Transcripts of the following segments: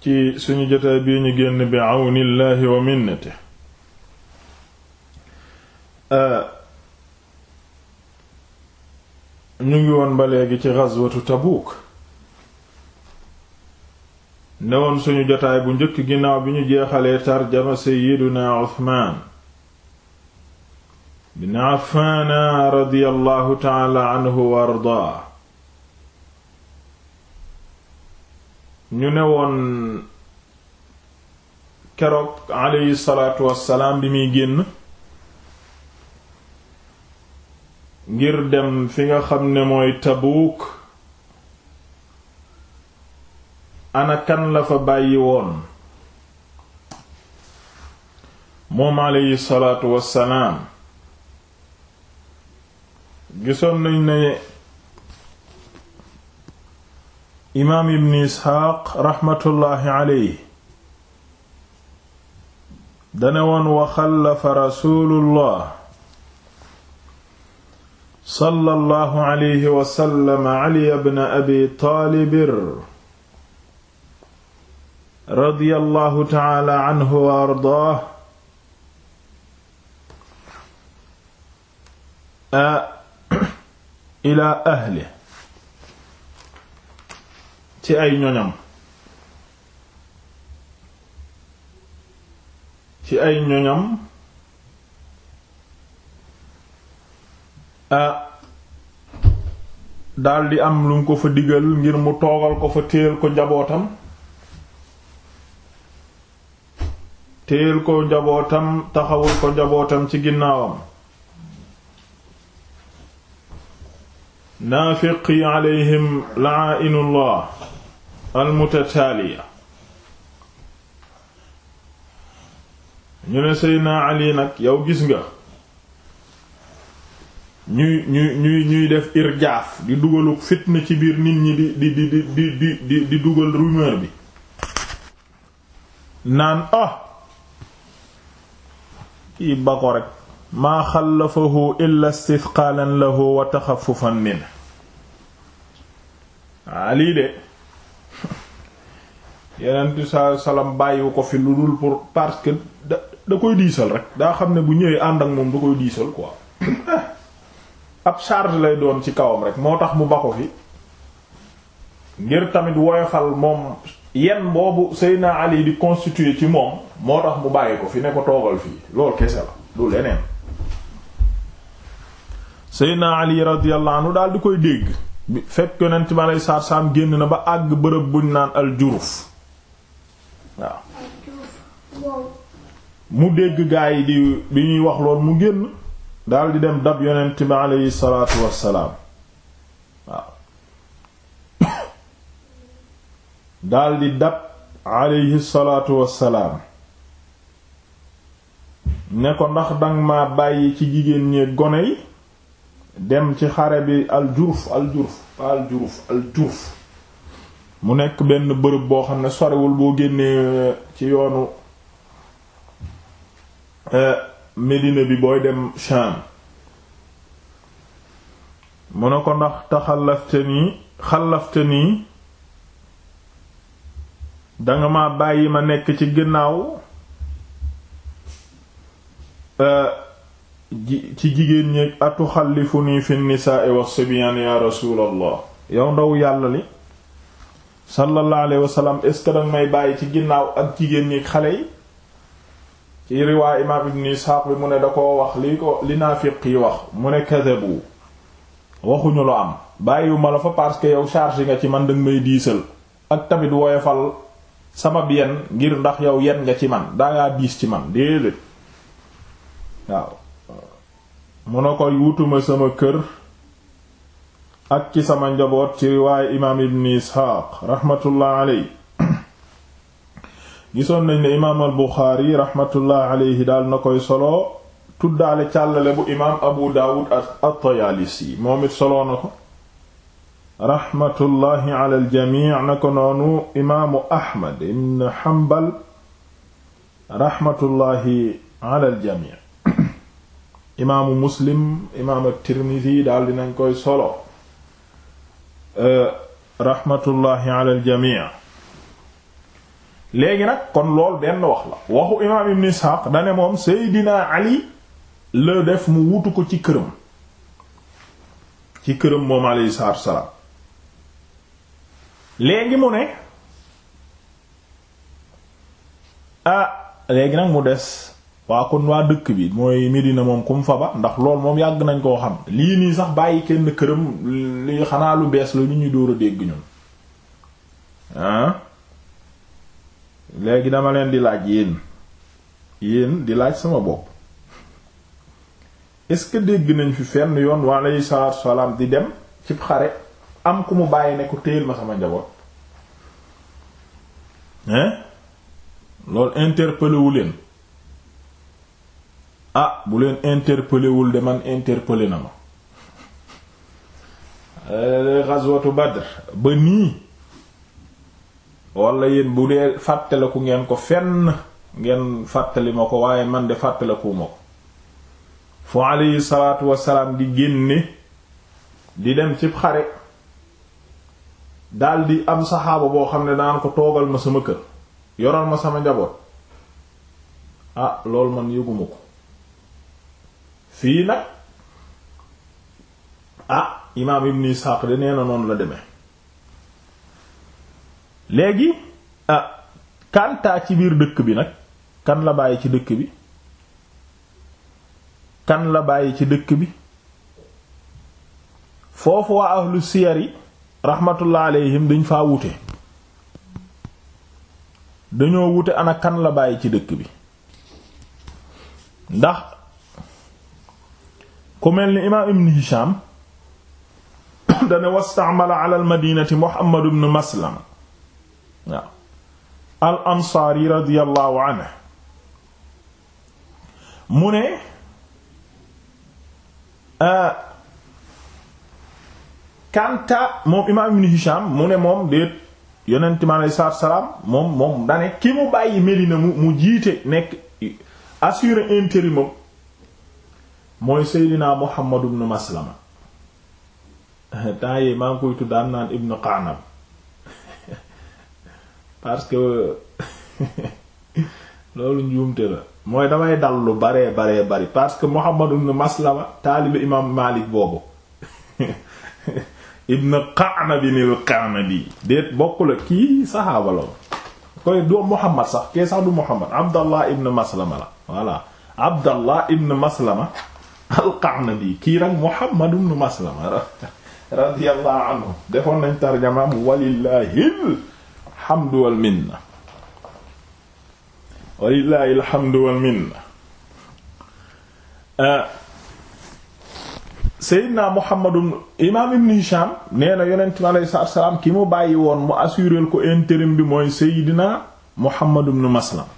ci suñu jotaay bii ñu génn bi àwnillaahi wa minnati ñu ngi woon ba léegi ci ghazwatu Tabuuk ne woon suñu jotaay bu njëkk ginnaaw bi ñu jeexalee tarjama sayyiduna Usmaan bin Affaana radiyallahu ta'ala anhu wa ardaa ñu ne woon keroog aleyhi salaatu wassalaam bi muy génn ngir dem fi nga xam ne mooy Tabuuk ana kan la fa bàyyi woon moom aleyhi salaatu wassalaam gisoon nañ ne imaam ibn isxaaq raxmatullaahi aleyhi dane woon wa xallafa rasuulullah sallallahu alayhi wa sallam ali ibn abi taalibir radiyallahu taala anhu wa ardaah a ila ahli ci ay ñoñam ci ay ñoñam a daldi am lu ko fa digal ngir mu toogal ko fa téyel ko njabootam téyel ko njabootam taxawul ko njabootam ci ginnaawam naafiqi alayhim la'inullah almutataaliya ñu ne Seydina Ali nag yow gis nga ñuy ñuy ñuy ñuy def irjaaf di dugalu fitna ci biir nit ñi di di di di di di dugal rumeur bi naan ah kii ba ko rek maa xallafahu illa istithqaalan lahu wa taxaffufan min Ali de yeneen saa salaam bàyyiwu ko fi lu dul pour parce que da da koy diisal rek daa xam ne bu ñëwee ànd ak moom da koy diisal quoi ab charge lay doon ci kawam rek moo tax mu ba ko fi ngir tamit woyofal moom yenn boobu Seyna Ali di constitué ci moom moo tax mu bàyyi ko fi ne ko toogal fii loolu kese la du leneen Seyna Ali radiyallahu anhu daal di koy dégg fekk yonent bi aleyhi salaatu génn na ba àgg bërëb buñ naan aljuruf mu dégg gaa di bi ñuy wax lool mu génn daldi dem dab yonent bi aleyhi salaatu wassalaam waaw daldi dab aleyhi salaatu wassalaam ne ko ndax dang ma bàyyi ci jigéen ñi gone yi dem ci xare bi aljuruf aljuruf pas aljuruf aljuruf mu nekk benn bërëb boo xam ne sorewul boo génnee euh, ci yoonu euh, Medina bi booy dem Sham mu ne ko ndax taxallafte nii xallafte nii danga ma bàyyi ma nekk ci ginnaaw euh, ci jigéen ñi atuxallifu nii fi nisaa wa sibyan ya rasuulallah yow ndaw yàlla li sallallahu alayhi wa sallam est danga may bàyyi ci ginnaaw ak jigéen ñi xale yi ci riwaay imaam ibn Isxaaq bi mu ne da koo wax li ko li naafiq yi wax mu ne kazabu waxuñu lu am bàyyiwuma la fa parce que yow charge nga ci man danga may diisal ak tamit woyofal sama yenn ngir ndax yow yenn nga ci man dangaa diis ci man déedéet waaw mu ne ko wutuma sama kër ak ci sama njaboot ci riwaaya imaam ibn isxaaq raxmatullah aley gisoon nañ ne imaam al buxaari raxmatullah aleyhi daal na koy solo tuddaale càllale bu imaam abu daawud at-tayaalisi moom it soloo na ko raxmatullahi ala aljamic na ko noonu imaamu ahmad ibn xambal raxmatullahi ala aljamic imaamu muslim imaam at-tirmidi daal dinañ koy solo raxmatullahi ala aljamii léegi nag kon lool benn wax la waxu imaam ibn Isxaaq dane moom Seydina Ali la def mu wutu ko ci këram ci këram moom alayhi salaatu wassalaam léegi mu ne ah léegi nag mu des waa kon waa dëkk bi mooy Medina moom kum fa ba ndax lool moom yàgg nañ koo xam lii nii sax bàyyi kenn këram li xanaa lu bees la lu ñuy dóor a dégg ñun ah léegi dama leen di laaj yéen yéen di laaj sama bopp est-ce que dégg nañ fi fenn yoon waa alayhi salaatu salaam di dem cib xare am ku mu bàyyi ne ko téyel ma sama njaboot hein loolu interpellé wu leen. ah bu leen interpellé wul de man interpellé na ma euh, ghazwatu Badr ba nii wala yéen bu dee fàttaliku ngeen ko fenn ngeen fàttali ma ko waaye man de fàttaliku ma ko fu alayhi salaatu wasalaam di génne di dem ci xare daldi am saxaaba boo xam ne daan ko toogal na sama kër yoral ma sama njaboot ah loolu man yëguma ko fii nag ah imaam ibn Ishaq de nee noonu la deme léegi ah kantaa ci biir dëkk bi nag kan la bàyyi ci dëkk bi kan la bàyyi ci dëkk bi foofu waa ahlu siyar yi rahmatullah alayhim dañ faa wute dañoo wute ana kan la bàyyi ci dëkk bi ndax ko mel ni imaam ibn Hisham dane wastaamala ala almadinati Muhammad ibn Maslama waaw al mu ne kanta moom imaam ibn Hisham mu ne moom déet yonent mi aleyhi salaam moom moom dane ki mu bàyyi Medina mu mu jiite nekk assurer intérim mooy seydinaa Muhammad ibn Maslama temps yi maa ngi koy tuddaan naan ibn parce que loolu njuumte la lu baree baree bari parce que Muhammad ibn Maslama taalibu déet bokk la kii saxaaba la koy doom Muhammad sax kee sax du Muhammad Abdallah ibn Maslama la voilà Abdallah ibn Maslama al-Qa'nabi kii nag Muhammad ibn Maslama radiyallahu anhu defoon nañ tarjamaam walillahil hamdu wal minna walillahil hamdu wal minna ah, Seydina Muhammadu imaam Ibn Hisham nee na yonent mi alayhi salaatu wa salaam ki mu bàyyi woon mu assuré ko intérim bi mooy Seydina Muhammad ibn Maslama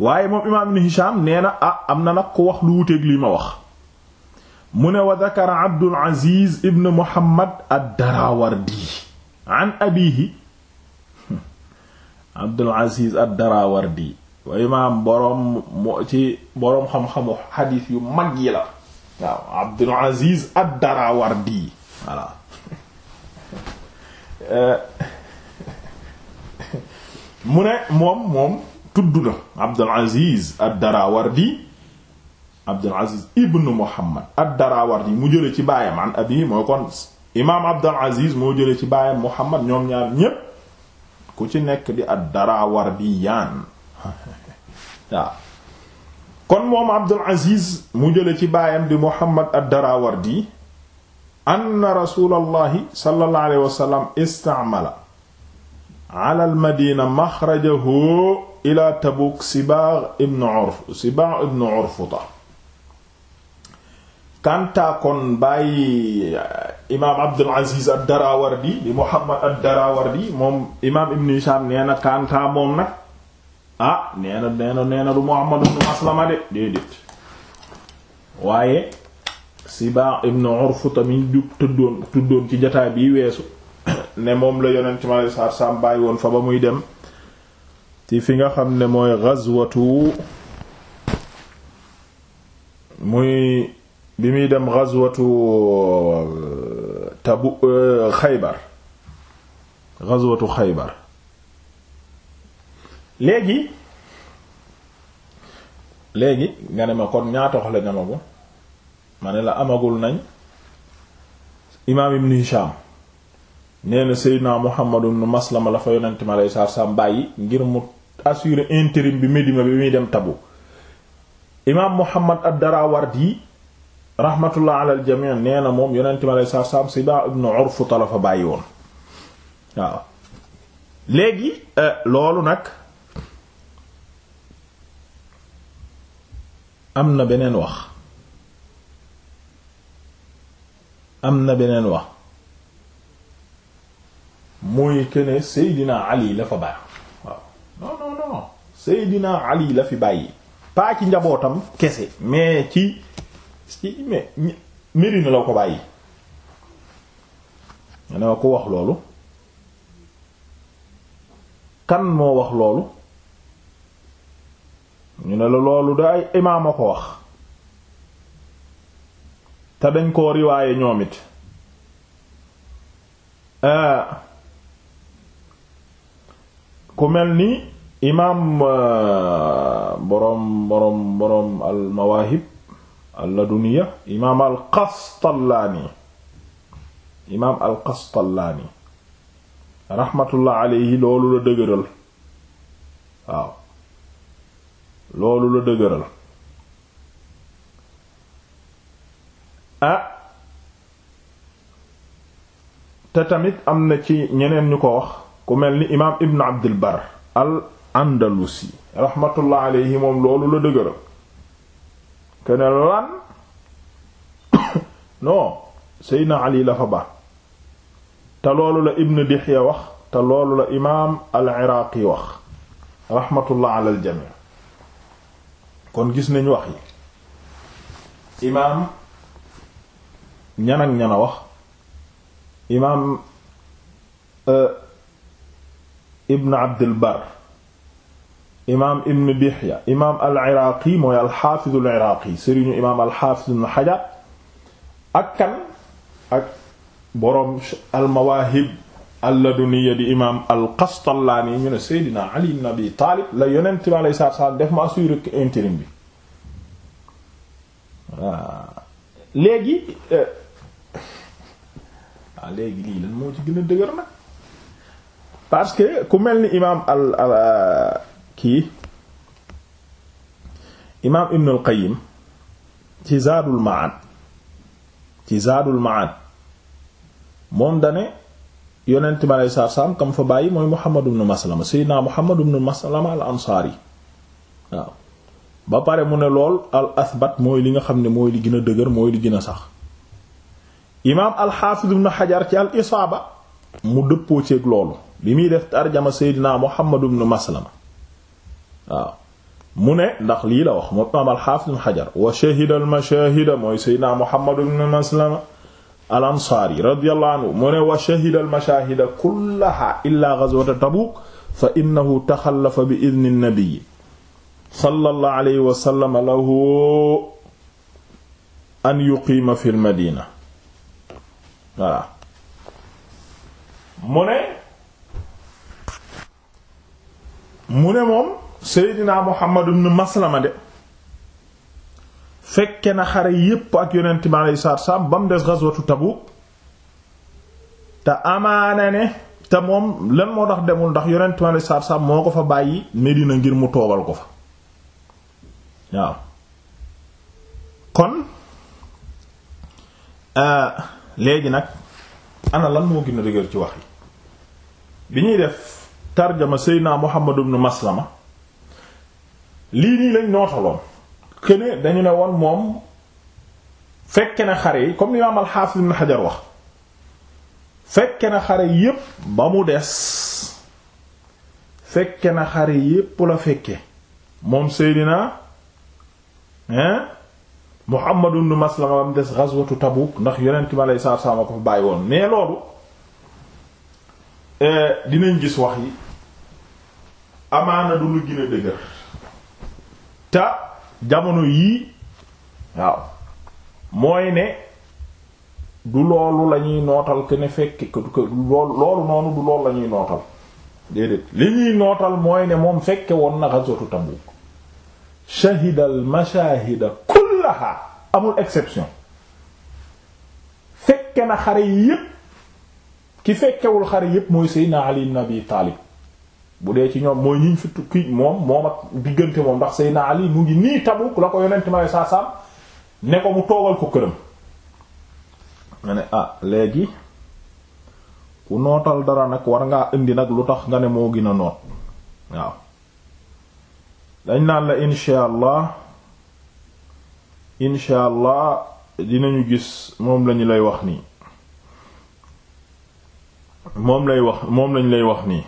waaye moom imaam ibn Hisham nee na ah, am na nag ku wax lu wuteeg lii ma wax mu ne wa dakara Abdul Aziz ibn Muhammad ad-Darawardi an abihi Abdul yu mag yi la waaw Abdul eh, mu ne moom moom tudd na Abdul Aziz ad-Darawardi Abdul Aziz ibn Muhammad ad mu jële ci baayam an abi mooy kon imaam Abdul moo jële ci baayam Muhammad ñoom ñaar ñépp ku ci nekk di ad-Darawardiyan waaw kon moom Abdul Aziz mu jële ci baayam di Muhammad ad-Darawardi anna Rasulullahi sallallahu alayhi wa istamala alal madina maxrajahu ila tabuk sibaax ibnu urf sibaax ibnu urfuta kantaakoon bàyyi eh, imaam abdul aziz ad darawardi di muhammad ad darawardi moom imaam ibnu hisham nee na kantaa moom nag ah nee na nee na nee na du muhammad ibnu maslama de déedéet waaye sibaax ibnu urfuta mi ñu tuddoon tuddoon ci jataay bi weesu ne moom la yonent mi alayhi salaatu saam bàyyi woon fa ba muy dem ci fi nga xam ne mooy ghazwatu muy bi muy dem ghazwatu tabu euh, xaybar ghazwatu xaybar léegi léegi nga ne ma kon ñaata xale ñamagu ma ne la amagul nañ imaam ibn Hisham nee na Seydina Muhammad ibn Maslama la fa yonent mi alayhi salaatu bàyyi ngir mu assurer intérim bi Medina bi muy dem Tabuk imaam Muhammad ad-Darawardi rahmatullah ala al jami' nee na moom yonent mi alayhi salaatu salaam Seydina ibn Urfuta la bàyyi woon waaw léegi euh, loolu nag am na beneen wax am na beneen wax mooy kene Seydina Ali la fa baax waaw non non Seydina Ali la fi bàyyi pas ci njabootam kese mais ci ci la ko bàyyi ne ko wax loolu kan moo wax loolu ñu ne la loolu da ay imaam a ko wax te dañ koo riwaaye ñoom it euh, ku mel ni imaam euh, boroom boroom boroom al mawaahib al laduniya imaam al qastallaani imaam al qastallaani raxmatullah alayhi loolu la dëgëral waaw loolu la dëgëral ah, te tamit am na ci ñeneen ñu ko wax ku mel ni imaam ibn abdul al andalusi rahmatullah alayhi moom loolu la dëgëral kene lan non seydna ali la fa ba te loolu la ibn dihya wax te loolu la imaam al iraaqi wax rahmatullah ala al jami kon gis nañ wax yi imaam ñan ak ñan wax imaam euh, ibn abdul bar imaam ibn bihya imaam al iraaqi mooy alxaafizu al iraaqi sëriñu imaam alxaafizu ibn xajar ak kan ak boroom al mawaahib al laduniya di imaam al qastallaani ñu ne seydina ali ibn abi taalib la yonent bi alayhi salaatu salaam def ma assurer que intérim bi waa léegi euh, waa léegi lii lan moo ci gën a dëgër nag parce que ku mel ni imaam al al euh, kii imaam Ibn al Qayyim ci Zaadul Ma'aad ci Zaadul Ma'aad moom dane yonent bi aleyhi salaatu salaam kam fa bàyyi mooy Muhammad ibn Maslama Seydina Muhammad ibn Maslama al Ansaari waaw ba pare mu ne lool al asbat mooy li nga xam ne mooy li gën a dëgër mooy li gën a sax imaam al Haafiz ibn ci al Isaaba mu dëppoo ceeg loolu bi muy def tarjama seydinaa muhammad ibn maslama waaw mu ne ndax lii la wax moom imaam alxaafis ibn xajar wa shahida al mashahida mooy seydinaa muhammad ibn maslama al ansaari radiyallahu anhu mu ne wa shahida al mashahida kullaha illa ghazwata tabuuk fa innahu taxallafa bi idni nabi sallallahu alayhi wa sallam lahu an yuqiima fi al madina voilà mu ne mu ne moom seydinaa Muhammad ibn Maslama de fekke na xare yépp ak yonenti bi alayhi salaatu salaam ba mu des ghazwatu Tabuk te amaana ne te moom lan moo tax demul ndax yonent bi alayhi salaatu salaam moo ko fa bàyyi Medina ngir mu toogal ko fa waaw kon euh, léegi nag ana lan moo gën a dëgër ci wax yi bi ñuy def tarjama seydna Muhammad ibn Maslama lii nii lañ nootaloon këne dañu ne woon moom fekke na xare yi comme imaam al-Hafiz ibn Hajar wax fekke na xare yépp ba mu des fekke na xare yépp la fekke moom seydina hein Muhammad ibn Maslama ba mu des ghazwatu Tabuk ndax yonent mi alayhi salaatu wa salaam ko fa bàyyi woon mais loolu Euh, dinañ gis wax yi amaana du lu gën dëgër te jamono yii waaw mooy ne du loolu la nootal que ne fekk que loolu loolu noonu du loolu la ñuy nootal déedéet li ñuy nootal mooy ne moom fekke woon na ghazwatu Tabuk shahida al mashahida kullaha amul exception fekke na xare yépp ki fekkewul xare yépp mooy na Ali ibn Abi bu dee ci ñoom mooy ñiñ fi tukki moom moom ak diggante moom ndax Seydina Ali mu ngi nii Tabuk la ko yonent ma saa saam ne ko mu toogal ko këram nga ne ah léegi ku nootal dara nag war ngaa indi nag lu tax nga ne moo gina a noot waaw dañ naan la insha allah insha allah dinañu gis moom lañu lay wax nii moom lay wax moom lañ lay wax nii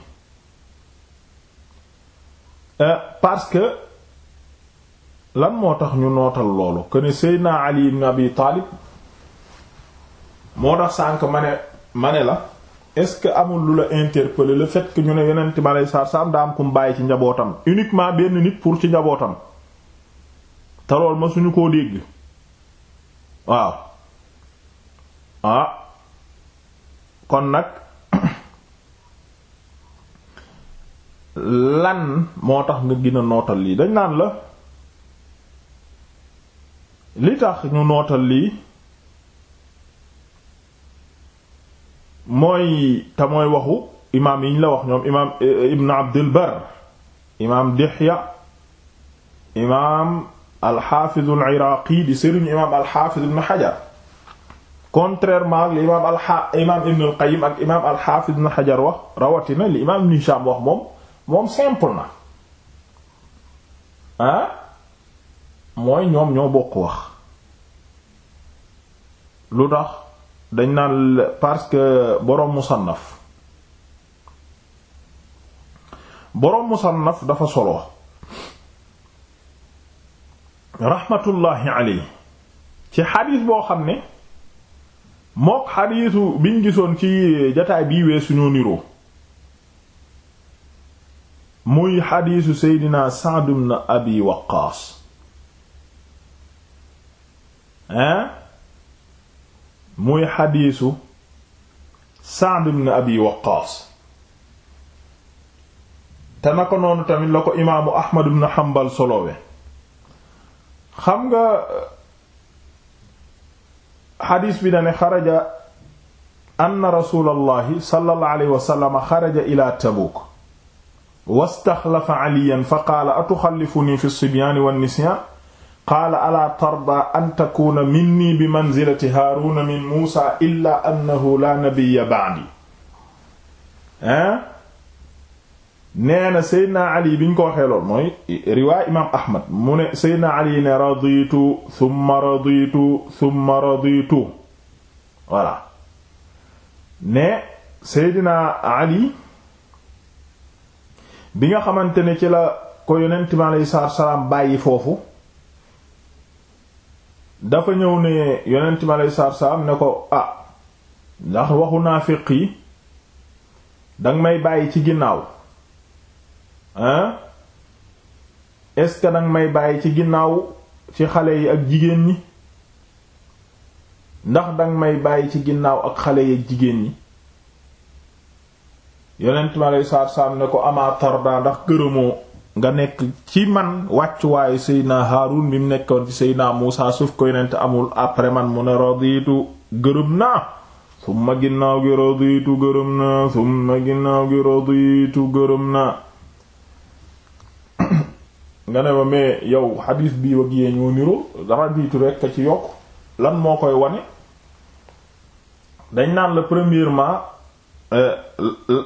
euh, parce que lan moo tax ñu nootal loolu que ne naa Ali ibn Abi Taalib moo tax sànq ma ne ma ne la est-ce que amul lu la interpeller le fait ñu ne yeneen ma lay sar sam daa am ku bàyyi ci njabootam uniquement benn nit pour ci njabootam te lool ma suñu koo dégg waaw ah kon nag lan moo tax nga gina nootal lii dañ naan la li tax ñu nootal lii mooy te waxu imaam yiñ la wax ñoom imaam eh, eh, Ibn Abdul Bar imaam Dihya imaam al-Hafiz Ibn Hajar contrairement li imaam al imaam Ibn al-Qayyim ak imaam al-Hafiz Ibn wax rawatina li imaam Ibn wax moom. moom simple na ah mooy ñoom ñoo bokk wax lu tax dañ naan parce que boroom musannaf boroom musannaf dafa solo raxmatullaahi alayhi ci xadiis boo xam ne mook xadiisu biñ gisoon ci jataay bii weesu suñu niroo muy xadiisu seydina Sa'd ibn Abi Waqqaas hein ko noonu tamit la imaamu Ahmad ibn Hanbal solowe xam nga xadiis bi dane xaraja anna rasuulallahi sallallahu alayhi wa ila Tabuuk wastaxlafa caliyan fa qaala atuxallifuni fi sibyaani wannisyan qaala alaa tarda an takuuna minni bi manzilati haaruuna min muusa illa annahu laa nabiya bacdi ah nee na seydna ali bi ñu ko waxee lool mooy riwaay imaam ahmad mu ne seydna ali ne raditu summa raditu summa raditu voilà ne seydna ali bi nga xamante ne ci la ko yonent mi aleyhi salaam bàyyi foofu dafa ñëw ne yonent mi aleyhi salaam ne ko ah ndax waxu naafiq yi danga may bàyyi ci ginnaaw hein est danga may bàyyi ci ginnaaw ci xale yi ak jigéen ñi ndax danga may bàyyi ci ginnaaw ak xale yi ak jigéen ñi yonent ma aleyhi salaatu salaam ne ko ama tarda ndax gërëmoo nga nekk ci man wàccuwaayu seydna Haarun bi mu nekkoon ci seydna Muusaa suuf ko yonent amul après man mu ne radiitu gërëm naa summa ginnaaw gi radiitu gërëm naa ginnaaw gi radiitu gërëm naa nga ne ma mais yow xadiis bii wag yee ñoo niroo radiitu rekk a ci yokk lan moo koy wane dañ naan la premièrement Euh,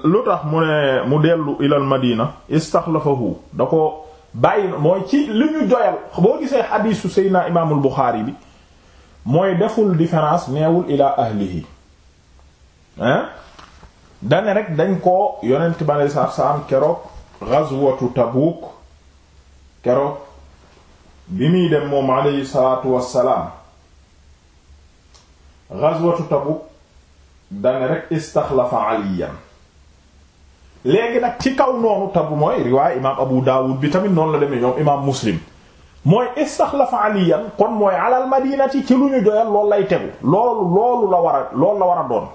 lu tax mu ne mu dellu ilal madina istaxlafahu da ko bàyyi mooy ci li ñu doyal boo gisee xadiisu seydina imaamul buxaari bi mooy deful différence neewul ilaa ahlihi hein dane rek dañ ko yonent bi alei saatu salaam keroog gazwatu tabuuk keroog bi muy dem moom aleyhi salaatu wassalaam gazwatu tabuuk dane rek istaxlafa aliyan léegi nag ci kaw noonu tabu mooy riwaay imaam abu daawud bi tamit noonu la demee ñoom imaam muslim mooy istaxlafa aliyan kon mooy alal madinati ci lu ñu doyal loolu lay tegu loolu loolu la war a loolu la war a doon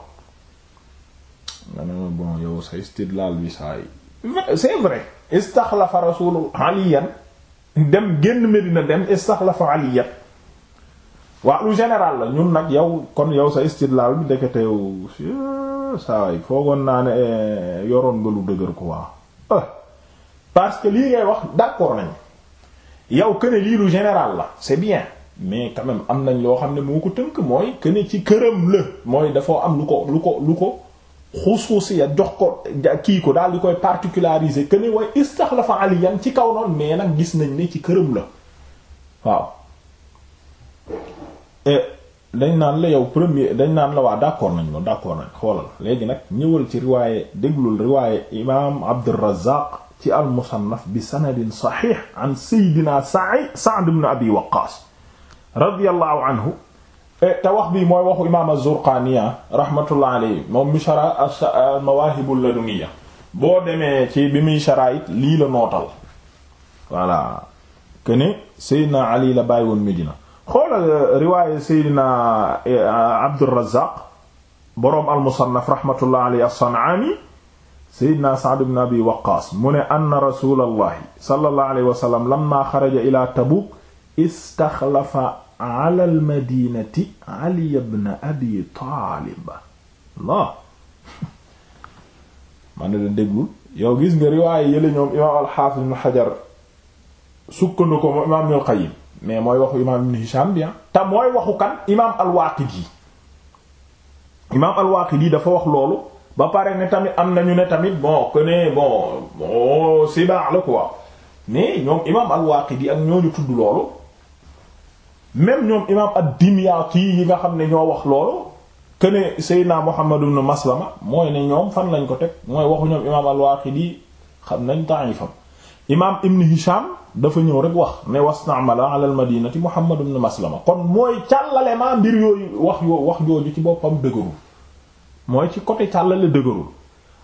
nga yow sa istidlaal bi saa c'est vrai istaxlafa rasul aliyan dem génn medina dem istaxlafa aliyan waa lu général la ñun nag yow kon yow sa istidlaal bi deketew saaway foogoon naa ne eh, yoroon nga lu dëgër ko waa ah. parce que lii ngay wax d'accord nañ yow que lii lu général la c'est bien mais quand am nañ loo xam ne moo ko tënk mooy que ne ci këram la mooy dafa am lu ko lu ko lu ko xusuusi ya jox ko kii ko daal di koy particulariser que ne way fa aliyan ci kaw noonu mais nag gis nañ ne ci këram la waaw Eh, dañ naan la yow premier dañ naan la waa d'accord nañ loolu d'accord nañ xoolal léegi nag ñëwal ci riwaaye déglul riwaaye imaam Abdurrazzaq ci al-Musannaf bi sanadin saxiix an Seydina Sa'id Sa'd ibn Abi anhu eh, te wax bii mooy waxu imaam az-Zurqaani rahmatullah alayhi moom mi shara al boo demee ci bi muy shara it lii la nootal voilà que Ali la bàyyi woon Medina xoolal euh, riwaaye Seydina euh, Abdurrazzaq boroom al-Musannaf rahmatullah alayhi as-San'aani Seydina Sa'd ibn Abi Waqqaas mu ne anna Rasuulallahi sallallahu alayhi wa sallam lammaa xaraja ilaa Tabuuk istaxlafa ala al-madiinati Ali ibn Abi Taalib Allah man la déglul yow gis nga riwaaye yële ñoom imaam al-Haafiz ibn Hajar sukkandu ko imaam al-Qayyim mais mooy waxu imaam ibn Hisham bi ah. te mooy waxu kan imaam al-Waaqidi imaam al-Waaqidi dafa wax loolu ba pare ne tamit am nañu ne tamit bon que ne bon bon c'est baax la quoi mais ñoom imaam al-Waaqidi ak ñoo ñu même ñoom imaam ad-Dimyaati yi nga xam ne ñoo wax loolu que ne naa Muhammad ibn Maslama mooy ne ñoom fan lañ ko teg mooy waxu ñoom imaam al-Waaqidi xam nañ ta'ifam imaam ibn Hisham dafa ñëw rek wax ne wastamala ala al madinati Muhammad ibn Maslama kon mooy càllale maa mbir yooyu wax yoo wax jooju ci boppam dëgërul mooy ci côté càllale dëgërul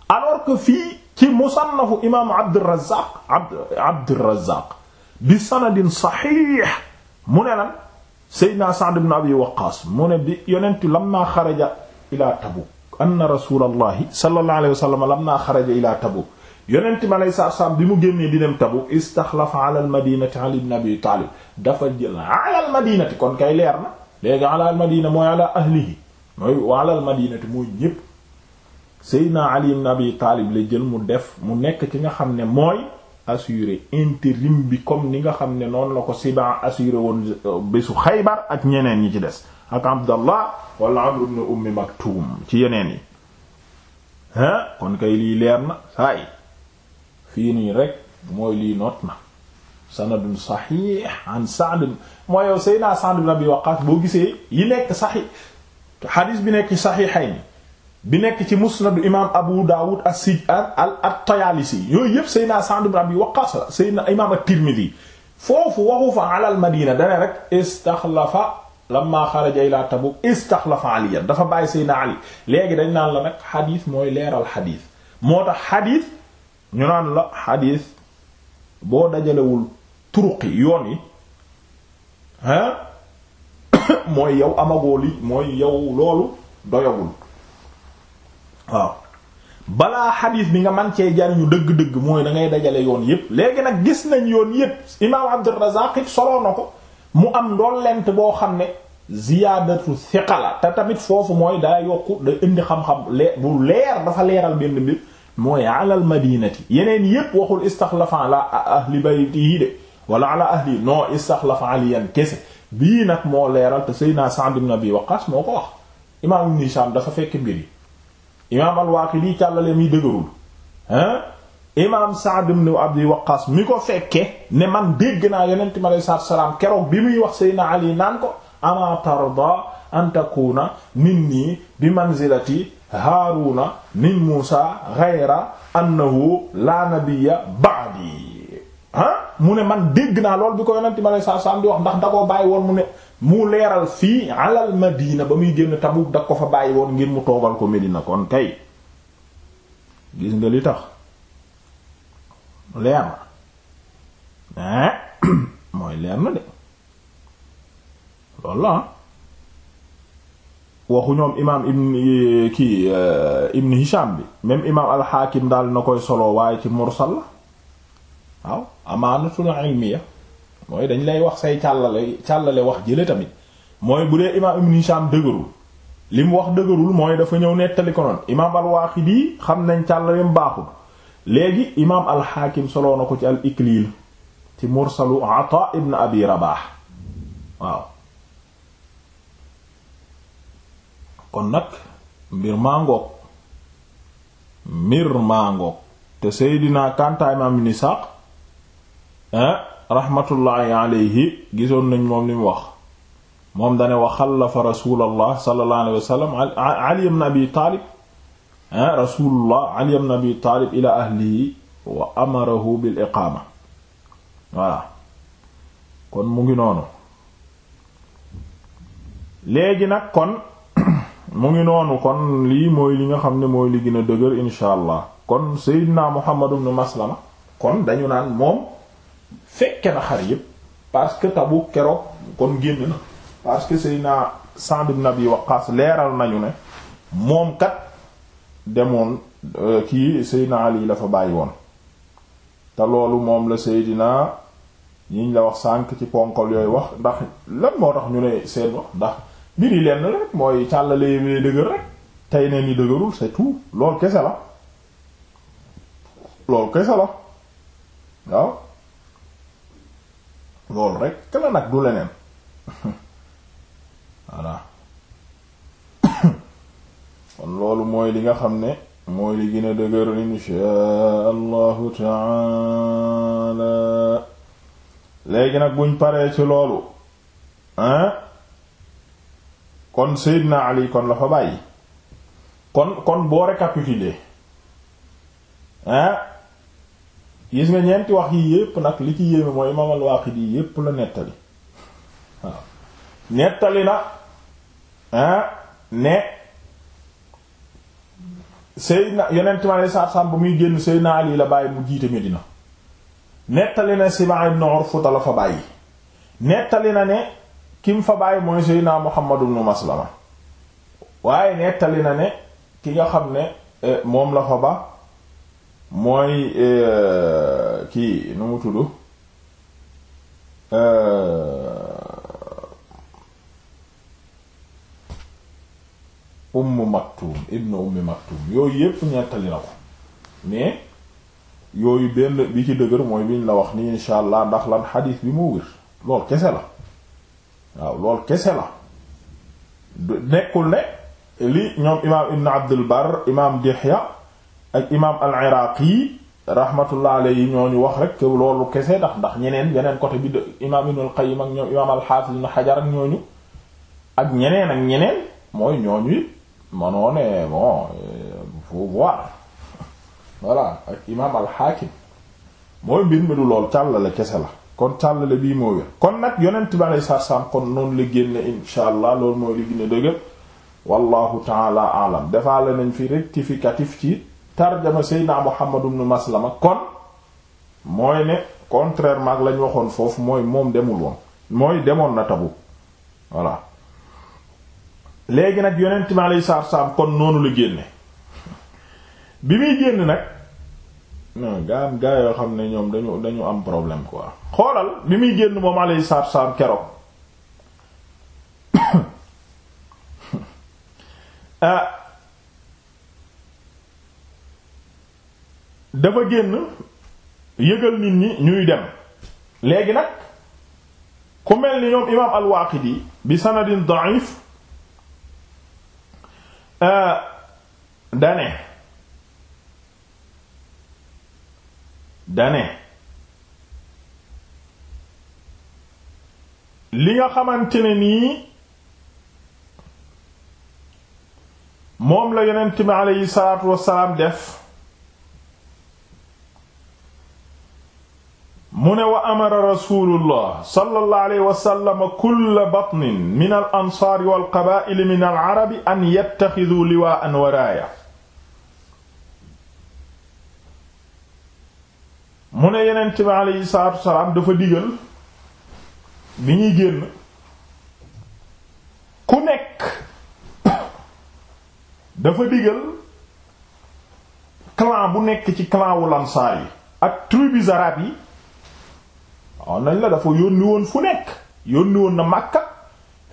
alors que fii ci musannafu imaam Abdurrazzaq Abd Abdurrazzaq bi sanadin saxiix mu ne lan Seydina Sa'd ibn Abi Waqqaas mu ne bi yonentu lamma xaraja ila Tabuk anna rasulallahi sallallahu alayhi wa sallam lamma xaraja ila Tabuk yonent mi aleyhi salaatu salaam bi mu génnee di dem Tabuk istaxlafa ala al madinati Ali ibn Abi Taalib dafa jël ala al madinati kon kay leer na léegi ala al madina mooy ala ahlihi mooy ala al madinati mooy ñépp Seydina Ali ibn Abi Taalib la jël mu def mu nekk ci nga xam ne mooy assuré intérim bi comme ni nga xam ne noonu la ko Siba assuré woon euh, bésu Xaybar ak ñeneen ñi ci des ak Abdallah wala Amr ibn Ummi Maktum ci yeneen yi ah kon kay lii leer na saay fii nii rek mooy lii noot na sanadun saxiix an Sa'd mooy yow Seydina Sa'd ibn Abi Waqqas boo gisee yi nekk saxiix xadiis bi nekk saxiixayni bi nekk ci musnadu imaam Abu Dawud as-Sijn al at-Tayaalisi yooyu yëpp Seydina Sa'd ibn Abi Waqqas la Seydina imaam at-Tirmidhi foofu waxu fa alal Madina dana rek istaxlafa lamma xaraja ila Tabuk istaxlafa Aliyan dafa bàyyi Seydina Ali léegi dañ naan la nag xadiis mooy leeral xadiis moo tax xadiis ñu naan la xadiis boo dajalewul turuqi yoon yi hein mooy yow amagoo li mooy yow loolu doyagul waaw balaa xadiis bi nga man cee jariñu dëgg-dëgg mooy da ngay dajale yoon yépp léegi nag gis nañ yoon yépp imaam Abdurrazaaq it soloo na ko mu am ndollent boo xam ne ziyaadatu si xalaat te tamit foofu mooy daa yokk da indi xam-xam le bu leer dafa leeral benn mbir mooy alal madinati yeneen yépp waxul istaxlafa ala ahli baytihi de wala ala ahli non istaxlafa aliyan kese bii nag moo leeral te Seydina Sa'd ibn moo ko wax imaam Ibn dafa fekk mbir yi imaam al-Waaqidi càllale mi dëgërul hein imaam Sa'd ibn Abi mi ko fekke ne man dégg naa yonent mi alayhi bi muy wax Seydina Ali naan an takuna minni bi manzilati haaruna min muusa ghayra annahu la nabiyya ba'di ah mu ne man dégg naa lool bi ko yonent ma lay saa saam di wax ndax da koo bàyyi woon mu ne mu leeral fii alal madina ba muy génn Tabuk da ko fa bàyyi woon ngir mu toogal ko Medina kon tey gis nga li tax leer na mooy leer na de loolu la waxu ñoom imaam ibn kii eh, ibn Hisham bi même imaam al-Hakim daal na koy solo waaye ci mursal la waaw amaanatul ilmiya mooy dañ lay wax say càllale càllale wax jële tamit mooy bu dee imaam ibn Hisham dëgërul li mu wax dëgërul mooy dafa ñëw nettali ko noonu imaam al-Waaqidi xam nañ càllaleem baaxul léegi imaam al-Hakim solo na ko ci al-Iklil ci mursalu Ata ibn Abi Rabah waaw kon nag mbir maa ngoog mbir maa ngoog te Seydina Kanta imaam Ibn Isaaq eh, rahmatullahi alayhi gisoon nañ moom li mu wax moom dane wa xalafa rasulallah sallallahu alayhi wa sallam Ali eh, Abi Taalib ila ahlihi wa amarahu bil iqaama voilà kon mu ngi noonu léegi nag kon mu ngi noonu kon lii mooy li nga xam ne mooy li gën a dëgër insha allah kon Seydina Muhammad na Maslama kon dañu naan moom fekke na xar yépp parce que tabu keroog kon génn na parce que Seydina Sa'd wax Abi Waqqas leeral nañu ne moom kat demoon euh, kii Seydina Ali la fa bàyyi woon te loolu moom la Seydina yiñ la wax sànk ci ponkol yooyu wax ndax lan moo tax ñu ne seen wax ndax mbir yi lenn rek mooy càllale yi dëgër rek tey neen yi dëgërul c'est tout loolu kese la loolu kese la waaw loolu rek kala nag du leneen voilà kon loolu mooy li nga xam ne mooy li gën a dëgër inshaa allahu taala léegi nag buñ paree si loolu hein kon Seydina Ali kon la fa bàyyi kon kon boo récapituler ah gis nga ñeenti wax yi yépp nag li ci yéeme mooy Imaam al-Waaqidi yépp la nettali waaw nettali na ah ne Seydina Yonent mi alayhi salaatu salaam bu muy génn Seydina Ali la bàyyi mu jiite Medina nettali na Sibaa ibn Urfuta la fa bàyyi nettali na ne. kim fa bàyyi mooy Seydina Muhammad ibn Maslama waaye nettali na ne ki nga xam ne eh, moom la fa ba mooy eh, kii nu mu tudd eh, Ummu Maktum ibnu Ummi Maktum yooyu yépp nettali na ko mais yooyu benn bi ci dëgër mooy biñ la wax ni insha allah ndax lan xadiis bi mu wér lool kese la waaw loolu kese la nekkul ne li ñoom imaam ibn abdul bar imaam dihya ak imaam al iraqi rahmatullah alayhi ñooñu wax rek loolu kese ndax ndax ñeneen beneen côté bi de imaam ibn al qayyim ak ñoom imaam al hafiz ibn hajar ak ñooñu ak ñeneen ak ñeneen mooy ñooñu mënoo bon faut voir voilà ak imaam al mooy mbir mi du lool càll kese la kon tàllale bii moo wér kon nag yonent bi alei saatu kon noonu la génne insha allah loolu mooy li gën a dëgër wallahu taala alam dafaa la nañ fi rectificatif ci tarjama seydna kon mooy ne contrairement lañ waxoon foofu mooy moom demul woon demoon na léegi nag yonent bi alei saatu kon noonu la génne bi muy génn nag non gaa am gaa yoo xam ne ñoom dañu dañu am problème quoi xoolal bi muy génn moom alayhi salaatu salaam keroog ah. dafa génn yëgal nit ñi ñuy dem léegi nag ku mel ni ñoom imaam al-Waaqidi bi sanadin da'if ah, dane li nga xamante ne nii moom la yonent bi aleyhi salaatu wasalaam def mu ne wa amara rasulullah sallallahu alayhi wa sallam kulla batnin min al wal qabaa'ili min al an yattaxidu liwaa'an wa mu ne yonent bi aleyhi salaatu wasalaam dafa digal bi ñuy génn ku nekk dafa digal clan bu nekk ci clan wu lansaar yi ak tribus arabes yi waaw nañ la dafa yónni woon fu nekk yónni woon na Makka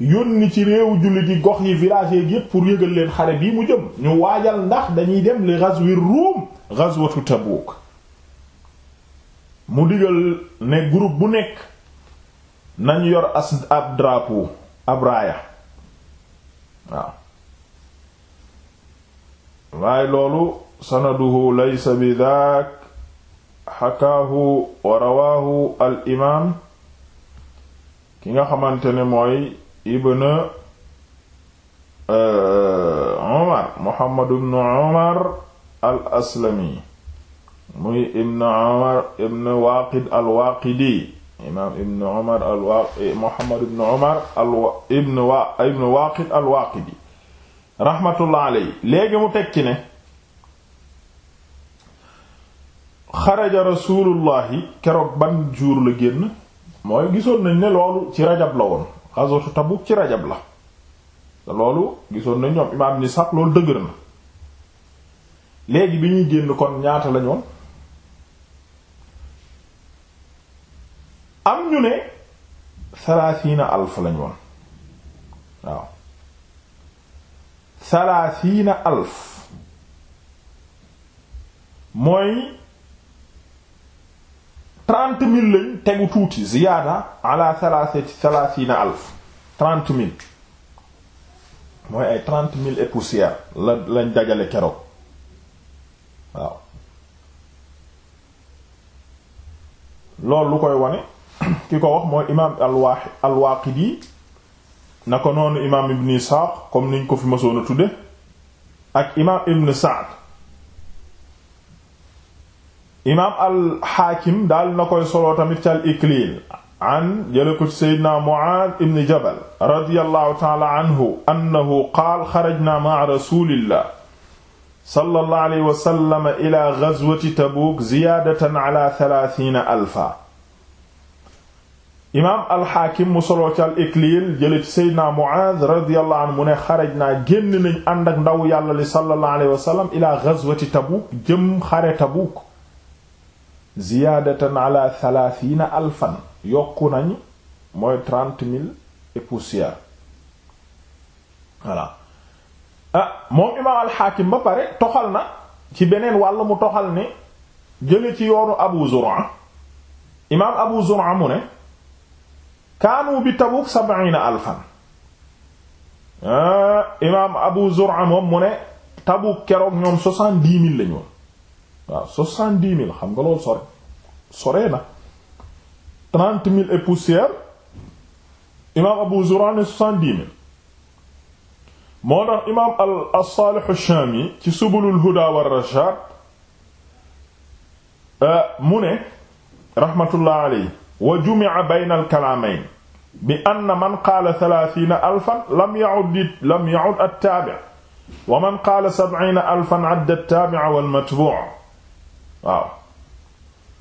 yónni ci réewu jullit yi gox yi village yi yépp pour yëgal leen xare bii mu jëm ñu waajal ndax dañuy dem li ghazwir Rum ghazwatu mu digal ne groupe bu nekk nañ yor as ab drapeau ab raaya waaye loolu sanaduhu laysa bi daak xakaahu wa rawaahu al imaam ki nga xamante ne mooy ibn Umar euh, Muhammad ibn Umar al aslami muy ibn Umar ibn Waaqid al-Waaqidi imaam ibn Umar al-Waaqidi eh, Muhammad ibn Umar ibn Waaqid al-Waaqidi rahmatullah alayhi léegi mu tekki ne xaraja rasulullahi keroog ban jour la génn mooy gisoon nañ ne loolu ci rajab la woon xasatu Tabuk ci rajab la te loolu gisoon nañ ñoom imaam ni sax loolu dëgër na léegi bi ñuy génn kon ñaata lañoon ñu ne salaasiina alf lañ woon waaw salaasiina alf mooy trente mille lañ tegu tuuti ziyaada ala salaasati salaasiina alf trente mille mooy ay trent mille et poussière la lañ dajale keroog waaw loolu lu koy wane ki ko wax mooy imaam alwaa alwaaqidi na ko noonu imaam ibn Isxaaq comme niñ ko fi mësoon a tudde ak imaam ibn Saad imaam alxaakim daal na koy soloo tamit ci al Ikliil an jële ko ci seydina Muaad ibn Jabal qaal xarajna ma'a rasulillah ila gazwati Tabuuk ziyaadatan ala alfa imaam alxaakim mu solo ci al ikliil jële ci seydina muaaz radiyallahu anhu mu ne xaraj naa génn nañ ànd ak ndaw yàlla li sallallahu alayhi wa sallam ila ghazwati tabuuk jëm xare tabuuk ziyaadatan ala thalaathiina alfan yokku nañu mooy trente mille et poussière ah moom imaam alxaakim ba pare toxal na ci beneen wàll mu toxal ne jële ci yoonu abu zur'a imaam abu zur'a mu ne kaanu bi Tabuk sab'ina alfan ah, imaam Abu Zur'a moom mu ne Tabuk keroog ñoom soixante-dix mille lañu woon waaw soixante-dix mille xam nga loolu sore sore na trente mille et poussière imaam Abu Zur'a ne soixante-dix mille moo tax imaam as-Salih ash-Shami ci Subulul Huda war-Rashad ah, mu ne rahmatullah alayhi wa jumi'a bayna al-kalamayn bi na man qaala talaatiina alfan lam ya'ud lam ya'ud at-taabi' wa man qaala sab'iina alfan 'adda at-taabi'a wal matbu'a waaw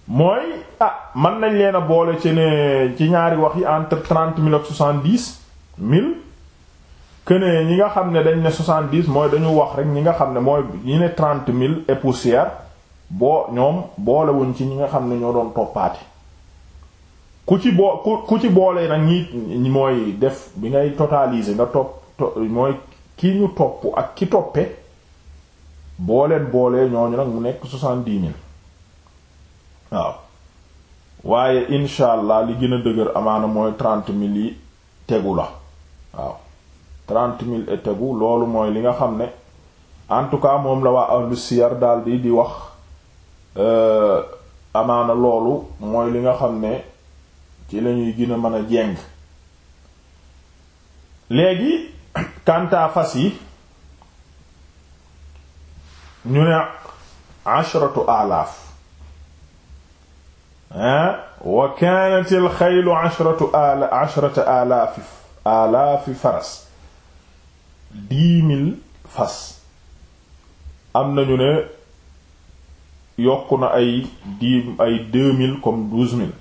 mooy ah man nañ leen a boole ci ne ci ñaari wax yi entre trente mille ak soixante-dix mille que ñi nga xam ne dañ ne soixante-dix mooy dañu wax rek ñi nga xam ne mooy ñi ne trente mille et poussière boo ñoom boolewuñ ci ñi nga xam ne ñoo doon toppaati ku ci boo ku ci boole nag ñi mooy def bi ngay totaliser nga topp to mooy ki ñu topp ak ki toppe booleen boolee ñooñu nag mu nekk soixante-dix mille waaw waaye incha allah li gën a dëgër amaana mooy trente mille yi tegu la waaw trent mille tegu loolu mooy li nga xam ne en tout cas moom la waa ahlu siyar daal di di wax euh, amaana loolu mooy li nga xam ne ci lañuy gën a mën a jeng léegi kanta fas yi ñu ne ashratu alaaf ah wa kaanat al xaylu ashratu ala alaafi faras dix mille fas am nañu ne yokk na ay dix ay deux mille comme douze mille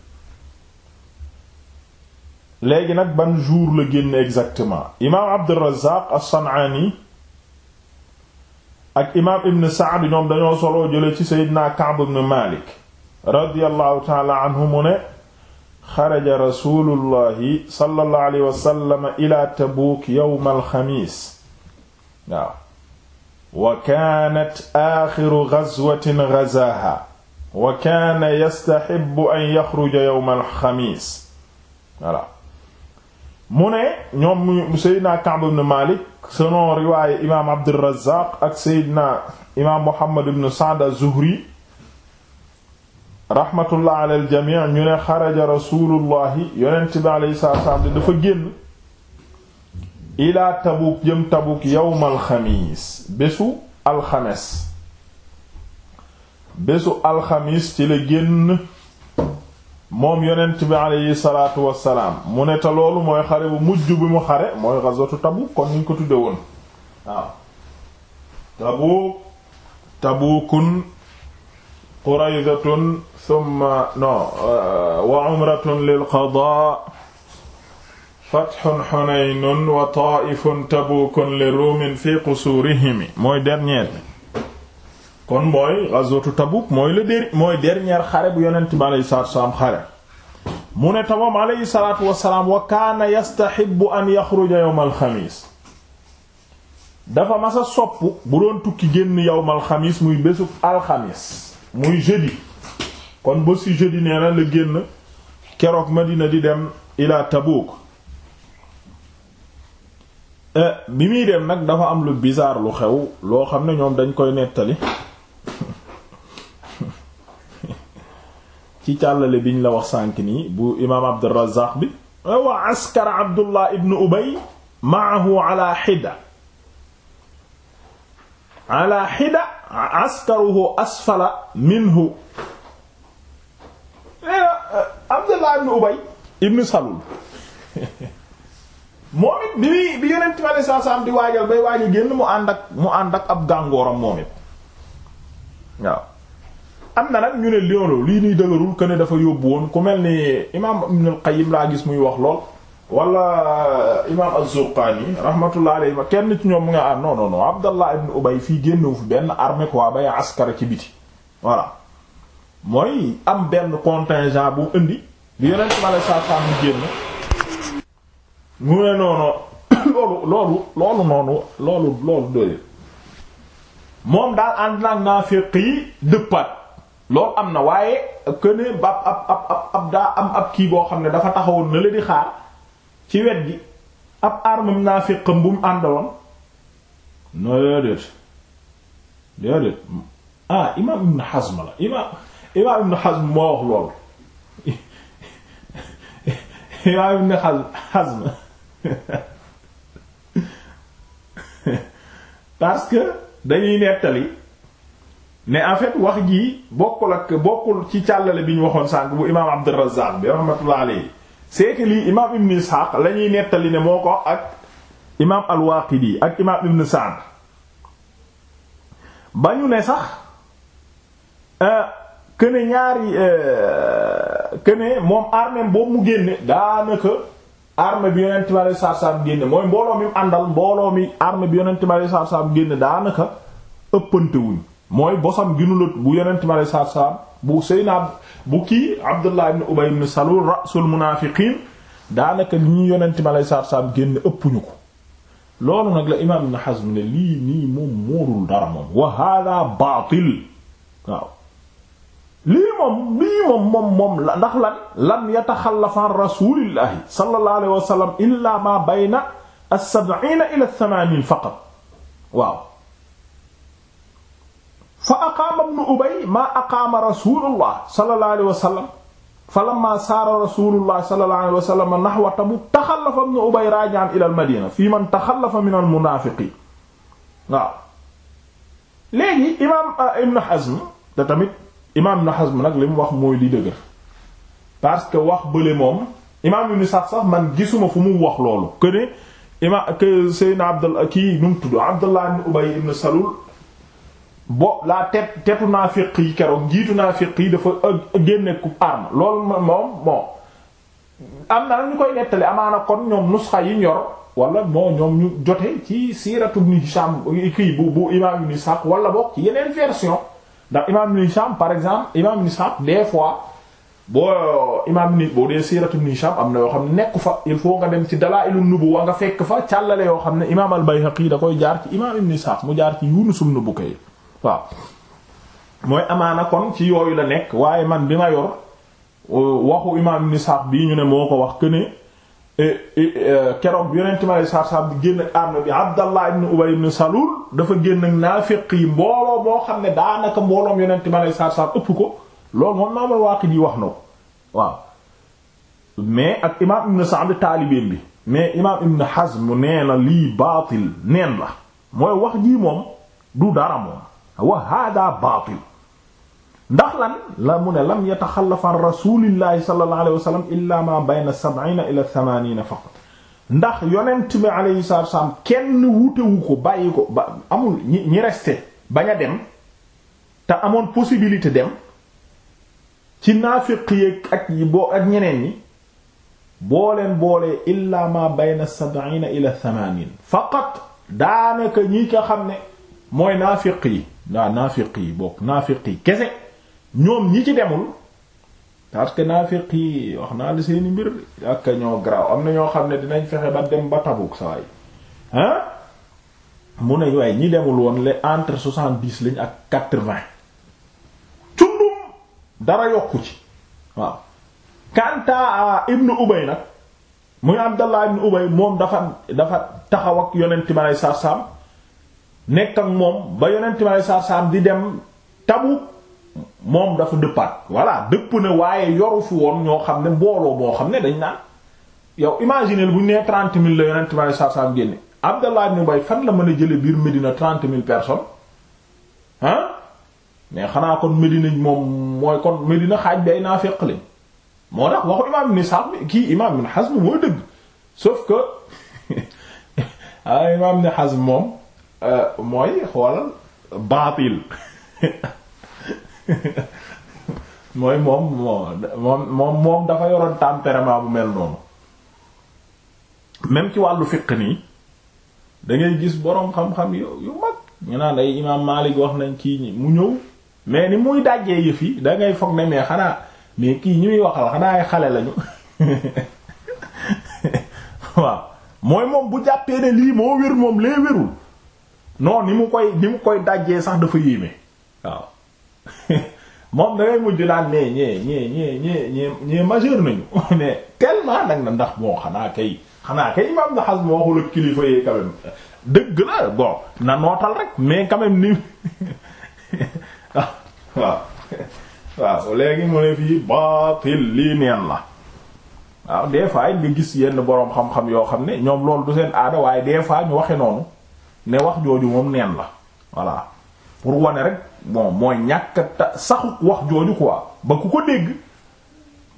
léegi nag ban jour la génn exactement imaam Abdurrazzaq as-San'aani ak imaam Ibn Sa'd ñoom dañoo solo jële ci Seydina Ka'b ibn Malik radiyallahu ta'ala anhu mu ne xaraja rasulullahi sallallahu alayhi wa sallam ila Tabuuk yawm al-xamiis waaw wa kaanat aaxiru ghazwatin ghazaahaa wa kaana yastaxibbu an yaxruja yawm al-xamiis voilà mu ne ñoom Seydina Ka'b ibn Malik selon riwaaye imaam Abdurrazzaq ak Seydina imaam Muhammad ibn Sa'd zuhri rahmatullah ala al-jami' ñu ne xaraja rasulullahi yonent bi alayhi salaam dafa génn ilaa Tabuk jëm Tabuk yawmal xamiis bésu alxames bésu alxamis ci la génn moom yonent bi aleyhi salaatu wassalaam mu ne te loolu mooy xare bu mujj bi mu xare mooy ghazwatu Tabuk kon niñ ko tudde woon waaw Tabuk Tabukun quraydatun thumma non uh, wa umratun lil qadaa fathun hunaynun wa taa'ifun tabukun li ruumin fi qusurihim mooy dernier kon mooy ghazwatu Tabuk mooy le der mooy dernière xare bu yonent ma alayhi salaatu wasalaam mu ne tamam alayhi salaatu wasalaam wa kaana yastaxibu an yaxruja yawmal xamiis dafa masa sopp bu doon tukki génn yawmal xamiis muy bésub alxamiis muy jeudi kon ba si jeudi nee na la génn keroog Madina di dem ila Tabuk eh, bi muy dem nag dafa am lu bizarre lu xew loo xam ne ñoom dañ koy nettali ci càllale biñ la wax sànk nii bu imaam Abdurrazzaq bi wa askara Abdullah ibn Ubay ala xida ala xida askaruhu asfala minhu eh, Abdullah ibn Ubay ibn Salul moom it bi muy bi yonent bi alei satu salaam di waajal bay mu ànd ab gàngooram moom it am na nag ñu ne lion lii nuy dëgërul que ne dafa yóbbu woon ku mel ni imaam Ibn al-Qayyim laa gis muy wax lool wala euh, imaam az-Zurqaani rahmatullah alayhi ma kenn ci ñoom mu nga ah, fii génnewu benn armée quoi ci biti voilà am benn contingent bu indi noonu loolu loolu loolu noonu loolu loolu doyul moom daal ànd naa naa yi dëppaat loolu am na waaye que ne ab ab ab daa am ab kii boo xam ne dafa taxawoon na la di xaar ci wet gi ab armam naa féqam bu mu àndaloon no déedéet ah imaam Ibn Hazm la imaam imaam Ibn Hazm moo wax loolu imaam Ibn Hazm parce que dañuy nettali mais en fait wax jii bokkul ak bokkul ci càllale bi ñu waxoon sànq bu imaam Abdurrazzaq bi rahmatullah alayhi c'est que lii imaam Ibn Ishaq la nettali ne moo ko ak imaam al-Waaqidi ak imaam Ibn Sa'd ba ñu ne sax euh, que ne ñaari euh, que moom armée boobu mu génne daanaka armée bi yonent bi alayhi salaatu salaam génne mooy mbooloo mi mu àndal mbooloo mi armée bi yonent bi alayhi salaatu salaam génne daanaka ëppante mooy bosam ginulat bu yonent mi alei saatu salaam bu seyna bu kii Abdullah ibn Ubay ibn Salul rasul munaafiqiin daanaka li ñuy yonent mi alei saatu salaam génn ëpp ñu ko loolu nag la imaam Ibn Hazm ne lii nii moom moorul dara moom wa hada baatil waaw lii moom lii moom moom moom ndax lan lam yataxallaf an rasulillahi sallallahu alayhi wa sallam illa ma bayna as-sab'ina ila ath-thamanin faqat waaw fa aqaama ibnu ubay maa aqaama rasulullah sallallahu alayhi wa sallam falamma saara rasulullah sallallahu alayhi wa sallam nahwa Tabuk taxallafa ibnu ubay raaji'an ila al madina fii man taxallafa min al munaafiqiin waaw léegi imaam ah, ibnu Hazm te tamit imaam ibnu Hazm nag li mu wax mooy li dëgër parce que wax bële moom imaam ibnu sax sax man gisuma fu mu wax loolu que ne imaam que Seydina Abdallah kii nu mu tudd Abdallah ibnu Ubay ibnu Salul bo la tet tetu naafiq yi keroog naa naafiq yi dafa génne ku arme loolu moom bon am na ñu koy nettali amaana kon ñoom nusxa yi yor wala moo ñoom ñu jote ci siiratu Ibn Hisham kii bu bu imaam Ibn Ishaq wala bokk ci yeneen version ndax imaam Ibn Hisham par exemple imaam Ibn Ishaq des fois boo imaam ni boo dee siiratu ni Hisham am na yoo xam ne nekku fa il faut nga dem ci Dalaa'ilun Nubuwwa nga fekk fa càllale yoo xam ne imaam al-Bayhaqi da koy jaar ci imaam Ibn mu jaar ci Yunus ibn Bukayr waaw mooy amaana kon ci yooyu la nekk waaye man bi ma yor euh, waxu imaam ibn Sa'd bii ñu ne moo ko wax que ne eh, eh, euh, keroog bi yonent ma lay Sa'd Sa'd di génn arme bi Abdallah ibn Ubay ibn Salul dafa génn ak naafiq yi mbooloo moo xam ne daanaka mbooloom yonent ma lay Sa'd Sa'd ëpp ko loolu moom Imaam al-Waaqidi wax na ko waaw mais ak imaam ibn Sa'd taalibeem bi mais imaam ibn Hazm nee na lii baatil neen la mooy wax jii moom du dara moom. wa hada baatil ndax lan la mu ne lam yataxallaf an rasulillahi sallallahu alayhi wa sallam illa ma bayna sab'ina ila thamanina faqat ndax yonent bi alayhi salatu wassalam kenn wutewu ko bàyyi ba amul ñi ñi resté bañ a dem te amoon possibilité dem ci naafiq ak yi boo ak ñeneen ñi boo leen boolee illa ma bayna sab'ina ila thamanin faqat daanaka ñi ko xam ne mooy naafiq yi waa naafiq yi bokk naafiq yi kese ñoom ñi ci demul parce que naafiq yi wax naa la seeni mbir ak ñoo garaaw am na ñoo xam ne dinañ fexe ba dem ba Tabuk saa yi ah mu ne waaye ñi demul woon les entre soixante-dix lañ ak quatre-vingts cundum dara yokku ci waaw kanta ah, ibnu Ubay nag muy Abdallah ibnu Ubay moom dafa dafa taxaw ak yonent ma lay sarsam nekk moom ba yonent mi aleyhi salaatu di dem Tabuk moom dafa dëppaat voilà dëpp na waaye yoru fi woon ñoo xam ne mbooloo boo xam ne dañ naan yow imaginer bu ñu nee trente mille la yonent mi aleyhi salaatu salaam génne Abdallah ibn Ubay fan la mën a jële biir Medina trente mille personnes ah mais xanaa kon Medina moom mooy kon Medina xaaj bi ay naafiq lañ moo tax waxu imaam ni sax kii imaam Ibn Hazm moo dëgg sauf que ah imaam Ibn Hazm moom. Euh, mooy xoolal baatil mooy moom moom moom moom dafa yoroon tempérament bu mel noonu même ci wàllu fiq nii da ngay gis boroom xam-xam yu mag ñu naan ay imaam Maalik wax nañ kii mu ñëw mais ni muy dajjee yëf yi da ngay foog ne mais xanaa mais kii ñuy waxal xanaa ay xale lañu waaw mooy moom bu jàppee ne lii moo wér moom lee wérul noonu ni mu koy ni mu koy dajjee sax dafa yéeme waaw moom da ngay mujj daal ne ñee ñee ñee ñee ñee nañu ne tellement nag na ndax moo xanaa kay xanaa kay imam na xas ma waxul kilifa yi quand dëgg la bon na nootal rek mais quand même ni ah, waaw waaw léegi mu ne fii baatil lii neen la waaw des fois nga gis yenn boroom xam-xam yoo xam ne ñoom loolu du seen aada waaye des fois ñu waxe noonu ne wax jooju moom neen la voilà pour wane rek bon mooy ñàkk saxu wax jooju quoi ba ku ko dégg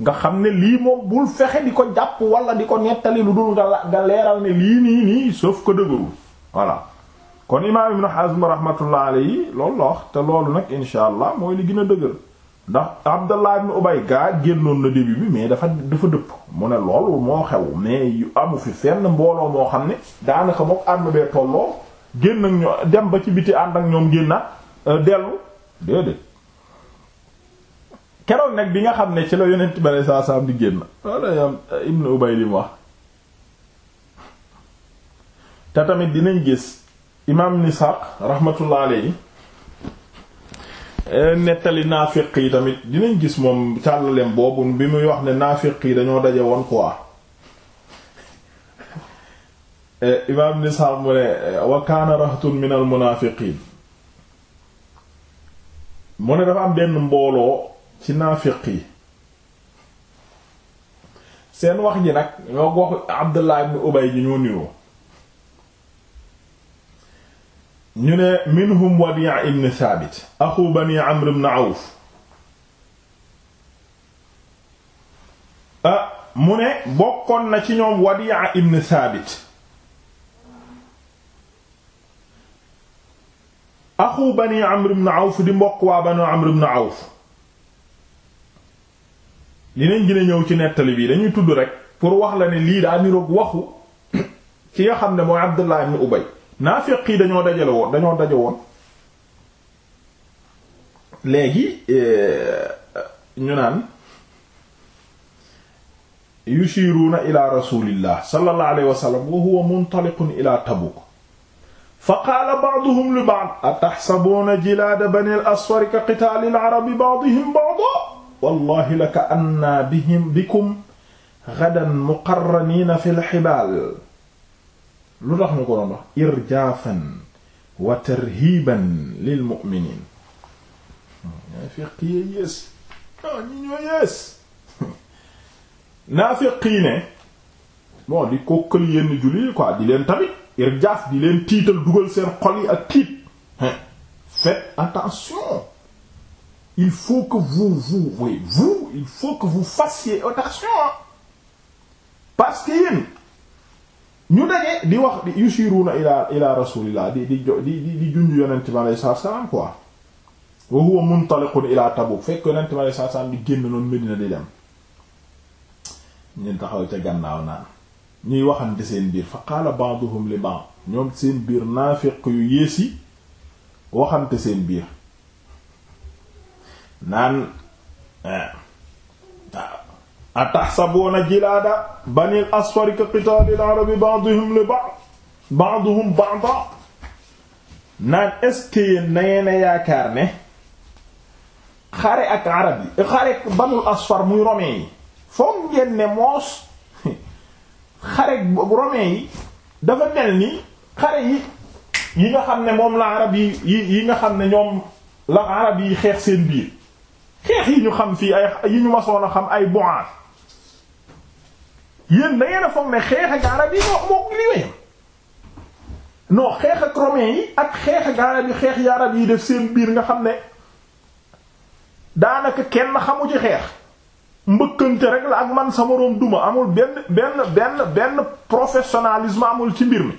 nga xam ne lii moom bul fexe di ko jàpp wala di ko nettali lu dul nga nga leeral ne lii nii nii sauf ko dëgërul voilà kon imaam ibn Hazm rahmatullah alayhi loolu la wax te loolu nag insha allah mooy li gën a dëgër ndax Abdallah ibn Ubay gaa génnoon na début bi mais dafa dafa dëpp mu ne loolu moo xew mais yu amu fi fenn mbooloo moo xam ne daanaka mook génn ak ñoom dem ba ci biti ànd ak ñoom génna euh, dellu déedéet keroog nag bi nga xam ne ci la yonent bi alei saa salaam di génn wala Ibn Ubay li mu wax te tamit dinañ gis imaam nisaq rahmatullah alayhi euh, nettali naafiq yi tamit dinañ gis moom càllalem boobu bi muy wax ne naafiq yi dañoo daje woon quoi Eh, imaam ibn mu ne eh, wa kaana raxtun min al mu ne dafa am benn mbooloo ci naafiq yi seen wax ji nag ñoo wax Abdullah ibn Ubay ji ñoo niwoo ñu ne minhum Wadi' ibn Thaabit axu bani Amr ibn Awf ah mu ne bokkoon na ci ñoom Wadi' ibn Thaabit axu bani amr ibn awf di mbokk waa bani amr ibn awf dinañ gën a ñëw ci nettali bii dañuy tudd rek pour wax la ne lii daa niroog waxu ki nga xam ne mooy abdullah ibn ubay naafiq yi dañoo dajale woon dañoo daje woon léegi euh, ñu naan yushiruuna ila rasulillah sallallahu alayhi wa sallam wa huwa muntaliqun ila tabuk fa qaala ba'duhum li ba'd ataxsabuuna jilaada bani al-asfari ka qitaali al-arabi ba'duhum ba'dan wallaahi laka-annaa bihim bikum gadan muqarraniina fil hibaal lu tax ñu ko doon wax irjaafan wa tarhiiban lil mu'miniin naafiqi yées ah ñi ñoo yées naafiqi ne bon di kokkal yenn julli quoi di leen tamit irjaaf bi leen tiital dugal seen xol yi ak tiit faites attention il faut que vous vous vous il faut que vous fassiez attention parce que ñu daje di wax di yushiruna ila ila rasulillah di di di di junj yonent bi alayhi salaatu salaam quoi wa huwa muntaliqun ila Tabuk fekk yonent bi alayhi salaatu salaam di génn noonu Medina di dem ñun taxaw ca gannaaw naan ñuy waxante seen biir fa qaala ba'duhum li ñoom seen biir naafiq yu yées yi waxante seen biir naan eh, ah, ataxsabuuna jilaada banil asfari ka qitaalil arabi ba'duhum li ba'd ba'duhum naan est-ce yaakaar ne xare ak arab yi xare banul asfar muy romain yi foog ngeen ne moos xare romain yi dafa mel ni xare yi yi nga xam ne moom la arab yi yi yi nga xam ne ñoom la arab yi xeex seen biir xeex yi ñu xam fii ay yi ñu masoon a xam ay boan yéen da ngeen ne xeex ak arab yi moo xeex ak romain yi ak xeex ak arab yi xeex yi arab yi def seen biir nga xam ne daanaka kenn xamu ci xeex mbëkkante rek la ak man sama room duma amul benn benn benn benn professionnalisme amul ci mbir mi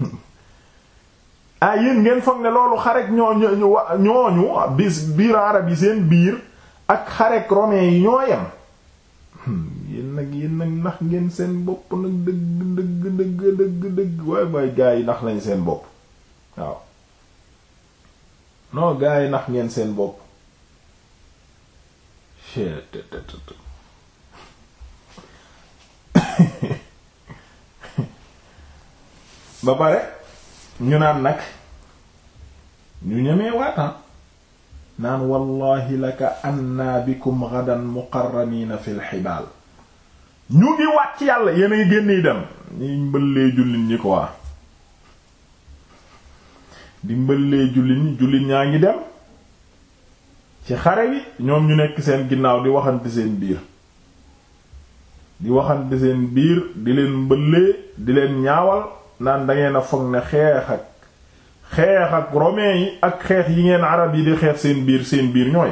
ah yéen ngeen foog ne loolu xarek ñooñu ñooñu bis biir arab yi seen biir ak xarek romain yi ñoo yem hmm, yéen nag yéen nag ndax ngeen seen bopp nag dëgg dëgg dëgg dëgg dëgg waaye mooy gaa yi ndax lañ seen bopp waaw non gaa yi nax ngeen seen bopp ba pare ñu naan nag ñu ñemee waatan naan wallahi laka anna bikum ghadan muqarranina fil xibaal ñu ngi wàcc yàlla yéen a ngi génn yi dem ñi mbëllee jullit ñi ko waa di mbëllee jullit ñi jullit ñaa ngi dem ci xare yi ñoom ñu nekk seen ginnaaw di waxante seen biir di waxante seen biir di leen mbëllee di leen ñaawal naan dangeen a foog ne xeex ak xeex ak romain yi ak xeex yi ngeen arab yi di xeex seen biir seen biir ñooy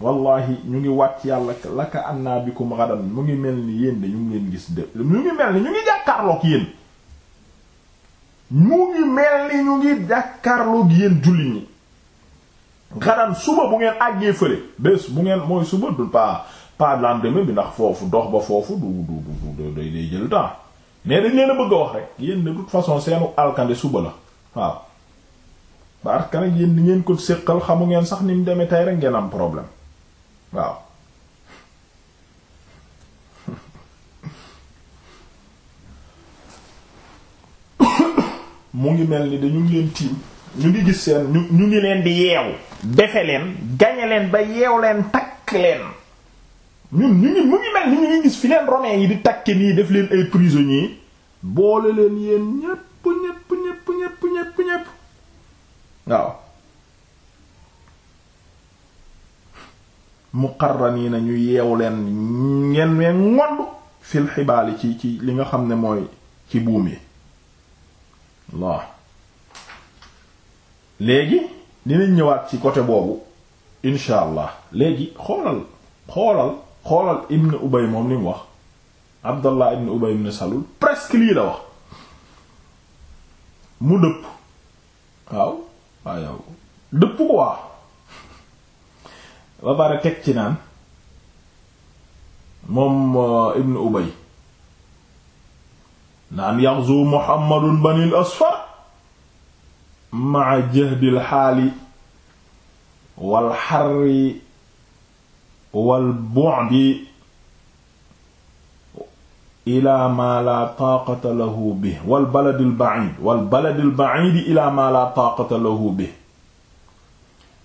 wallahi ñu ngi wàcc yàlla laka anna bikum gadan mu ngi mel ni yéen de ñu ngi leen gis de ñu ngi mel ni ñu ngi jàkkaarloog yéen ñu ngi mel ni ñu ngi jàkkaarloog yéen julli ñi xanaan suba bu ngeen àggee fële bés bu ngeen mooy suba du paa pas lendemain bi ndax foofu dox ba foofu du du du du day jël temps mais dañ leen bëgg a wax rek yéen de façon seenu alkande suba la waaw parce que nag ngeen ko séqal xamu ngeen sax ni mu demee tey rek ngeen am problème waaw mu ngi mel ni dañu leen tiim ñu ngi gis seen ñu ñu ngi leen di yeew defe leen gañe leen ba yeew leen takk leen ñun ñu ngi mu ngi mel ni ñu ngi gis fi leen romains yi di takke nii def leen ay prisonniers boole leen yéen ñépp ñépp ñépp ñépp ñépp ñépp waaw muqarraniina ñu yeew leen ngeen mee ngodd fil xibaali ci ci li nga xam ne mooy ci buum yi waaw léegi dinañ ñëwaat ci côté boobu incha léegi xoolal xoolal xoolal Ibn Ubay moom li mu wax Abdallah Ibn Ubay ibn Salul presque lii la wax mu dëpp waaw waaw yow dëpp ko waaw ba bare teg ci naan moom uh, Ibn Ubay naan yaxzu Muhammadun banil asfar maa jahdil xaali wal xarri wal bu'di ila ma la taaqata lahu bi wal baladil ba'id wal baladil ba'id ila ma la taaqata lahu bi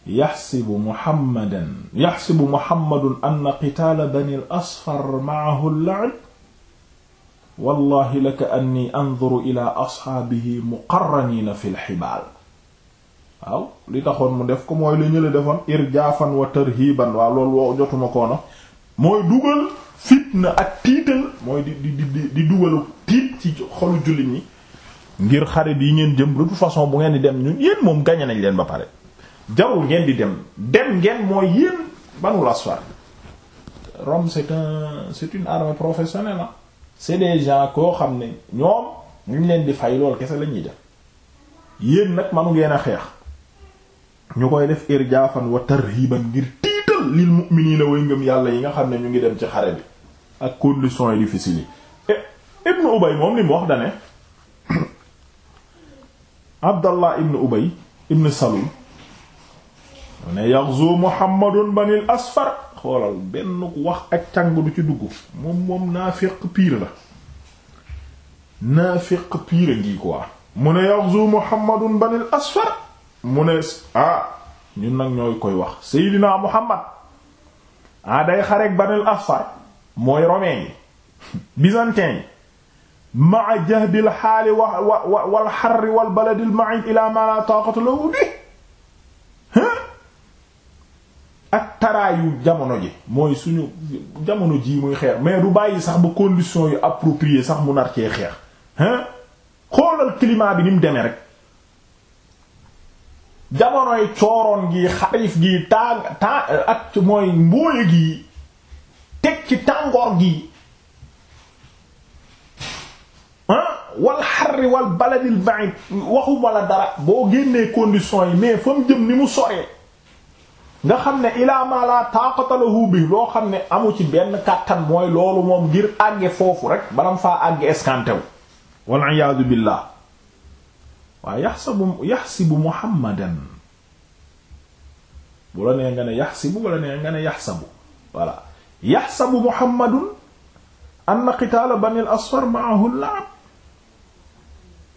yaxsibu muhammadan yaxsibu muhammadun anna qitaala bani al asfar ma'ahu al la'ib wallahi la ka anni anzuru ila asxaabihi muqarraniina fi lxibaal waaw li taxoon mu def ko mooy la ñëla defoon irjaafan wa tarhiban waaw loolu woo jotuma koona mooy dugal fitna ak tiital mooy di di di di dugalu tiit ci xolu jullit ñi ngir xarit yi ngeen jëm de toute façon bu ngeen di dem ñun yéen moom gañe nañ leen ba pare jarul ngeen di dem dem ngeen mooy yéen banul asfar Rome c'est un c'est une armée professionnelle c'est des gens koo xam ne ñoom ñu leen di fay lool kese la ñuy yéen nag manu ngeen a xeex ñu koy def irjaafan wa tarhiban ngir tiital lil mu'minina way ngëm yàlla yi nga xam ne ñu ngi dem ci xare bi ak conditions yi difficiles ibnu ubay moom li mu wax dane abdallah ibnu ubay ibnu salul ne yaxzu muhammadun banil asfar xoolal benn wax ak càng du ci duggu moom moom naafiq piir la naafiq piir a ngi quoi mu ne yaxzu muhammadun banil asfar mu ne ah ñun nag ñooy koy wax seydinaa muhammad ah day xareek banil asfar mooy romain yi byzantin yi maa jahdil xaali wa wa wal xarri wal baladil ila ma la taqata lahu bi taraayu jamono ji mooy suñu jamono ji muy xeex mais du bàyyi sax ba condition yu appropriées sax mu nar cee xeex xoolal climat bi ni mu demee rek jamonoy cooroon gi xarif gi tàng tàng ak mooy mbóoya gi teg ci tàngoor gi wal xarri wal baladil ba'id waxuma la dara boo génnee conditions yi mais fa mu jëm ni mu soree nga xam ne ilaa ma la taqata lahu bi loo xam ne amu ci benn kàttan mooy loolu moom ngir àgge foofu rek balam faa àgge escanté wu wal iyaadu billah waa yaxsabu yaxsibu muhammadan bu la nee nga ne yaxsibu bu la nee nga ne yaxsabu voilà yaxsabu muhammadun anna qitaala banil asfar ma'ahu al'ab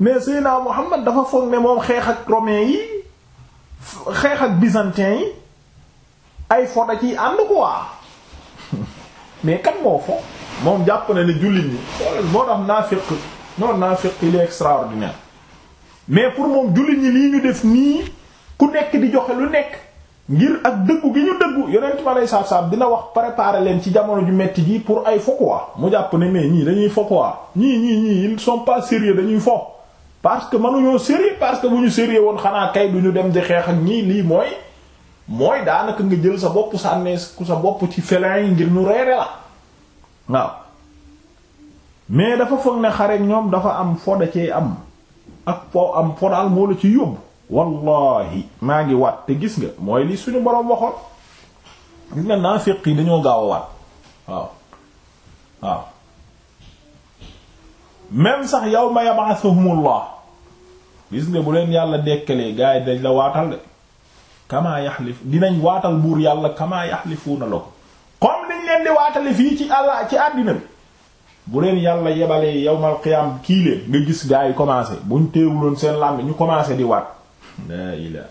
mais Seydina Muhammad dafa foog ne moom xeex ak romains yi xeex ak byzantins yi ay fo da ciy ànd quoi mais kan moo fo moom jàpp na ne jullit ñi moo tax naafiq non naafiq il est extraordinaire mais pour moom jullit ñi lii ñu def nii ku nekk di joxe lu nekk ngir ak dëggu gi ñu dëggu yonent ma lay saab saab dina wax préparer leen ci jamono ju metti jii pour ay fo quoi mu jàpp ne mais ñii dañuy fo quoi ñii ñii ñii ils sont pas sérieux dañuy fo parce que mënuñoo sérieux parce que bu ñu sérieux woon xanaa kay du ñu dem di xeex ak ñii lii mooy. mooy daanaka nga jël sa bopp sànnee ku sa bopp ci félins yi ngir ñu reere la waaw mais dafa foog ne xare ñoom dafa am foda cee am ak am fodaal ci yóbbu wallahi maa ngi waat te gis nga mooy lii suñu borom waxoon gis nga naafiq yi dañoo gaaw a waat waaw waaw même sax yawma yab'athuhumullah gis nga bu leen yàlla dekkalee gars yi dañ la waatal de kamaa yaxlif dinañ waatal buur yàlla kamaa yaxlifuuna la ko comme niñ leen di waatale fii ci àlla ci àddina bu leen yàlla yebalee yawmal qiyaam kii leen nga gis gaa yi commencé buñ teewuloon seen làng ñu commencé di waat laa ilaa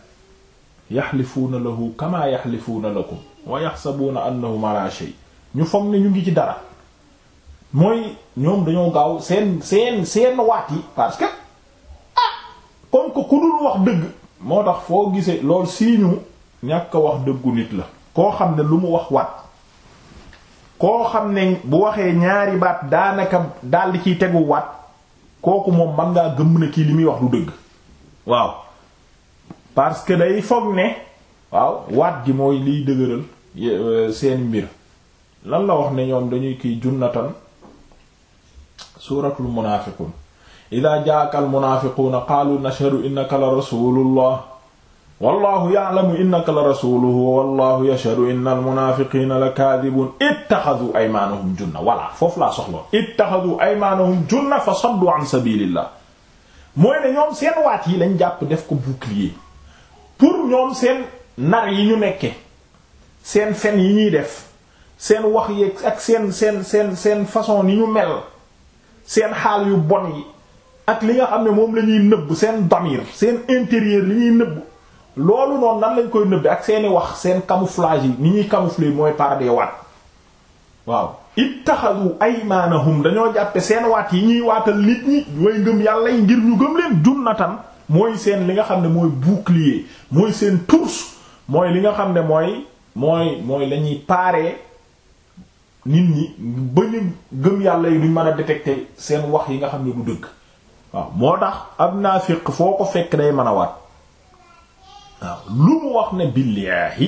yaxlifuuna lahu kamaa yaxlifuuna lakum wa yaxsabuuna annahum alaa ñu foog ne ñu ngi ci dara mooy ñoom dañoo gaaw seen seen seen yi parce ah, que ku dul wax dëgg moo tax foo gisee loolu siiñu ñàkk wax dëggu nit la koo xam ne lu mu wax waat koo xam ne bu waxee ñaari baat daanaka daldi ciy tegu waat kooku moom man ngaa gëm na kii li muy wax du dëgg waaw parce que day foog ne waaw waat gi mooy liy dëgëral euh, seen mbir lan la wax ne ñoom dañuy kiy junnatan suratul munafiqun ida jaaka almunaafiquuna qaalu nashhadu innaka la rasulullah wallahu ya'lamu innaka la rasuluhu wallahu yashhadu inna almunaafiqiina la kaadibun ittaxadu aymaanahum junna wala foofu laa soxloon ittaxadu aymaanahum junna fa saddu an seen waat yi lañ jàpp def ko bouclier pour ñoom seen nar yi ñu nekke seen fen yi ñuy def seen wax yeeg ak seen seen façon ni ñu mel seen xaal yu bon yi ak li nga xam ne moom lañuy ñuy nëbb seen damir seen intérieur li ñuy nëbb loolu noonu nan lañ koy nëbbe ak seeni wax seen camouflage yi ni ñuy camoufler mooy par des waat waaw ittaxadu aymaanahum dañoo jàppe seen waat yi ñuy waatal nit ñi way yàlla ngir ñu gëm leen junnatan mooy seen li nga xam ne mooy bouclier mooy seen tours mooy li nga xam ne mooy mooy mooy lañuy ñuy paaree nit ñi ba ñu gëm yàlla yi duñ mën a détecter seen wax yi nga xam ne du dëkk waaw moo tax ab naafiq foo ko fekk day mën a waat lu mu wax ne billaahi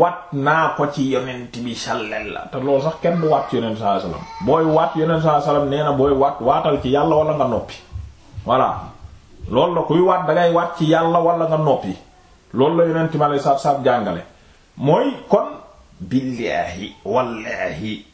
wat naa ko ci yonent bi sallel la te loolu sax kenn du waat ci yonent saa sallam booy waat yonent saa nee na booy wat waatal ci yàlla wala nga noppi voilà loolu la kuy wat dangay waat ci yàlla wala nga noppi loolu la yonent ma lay saab saab jàngale mooy kon billaahi wallaahi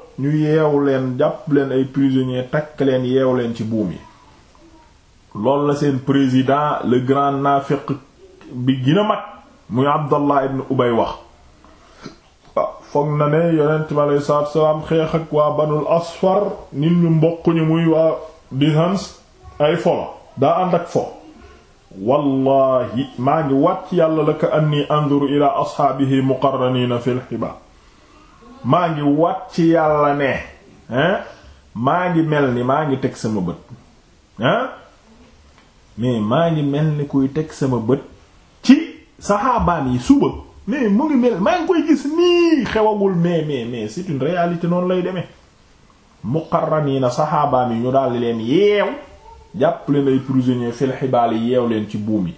ñu yeewu leen jàpp leen ay prisonniers takk leen yeewu leen ci buum yi loolu la seen président le grand naafiq bi gën a mag muy Abdallah ibn Ubay wax ah, foog na ne yonent bi aleyhi xeex ak waa banul asfar nit ñu mboq muy waa Byzance ay folo daa ànd ak fo wallahi maa ngi wàcc yàlla la ka anni anzuru ila ashaabihi muqarraniina fil xibaar maa ngi wat ci yàlla ne maa ngi mel ni maa ngi teg sama bët mais maa ngi mel ni kuy teg sama bët ci saxaabaan yi suba mais mu ngi mel maa ngi koy gis nii xewagul mais mais mais c'est une réalité noonu lay deme muqarraniina saxaabaan yi ñu daal leen yeew jàpp leen ay prisonniers fil xibaal yi yeew leen ci buum yi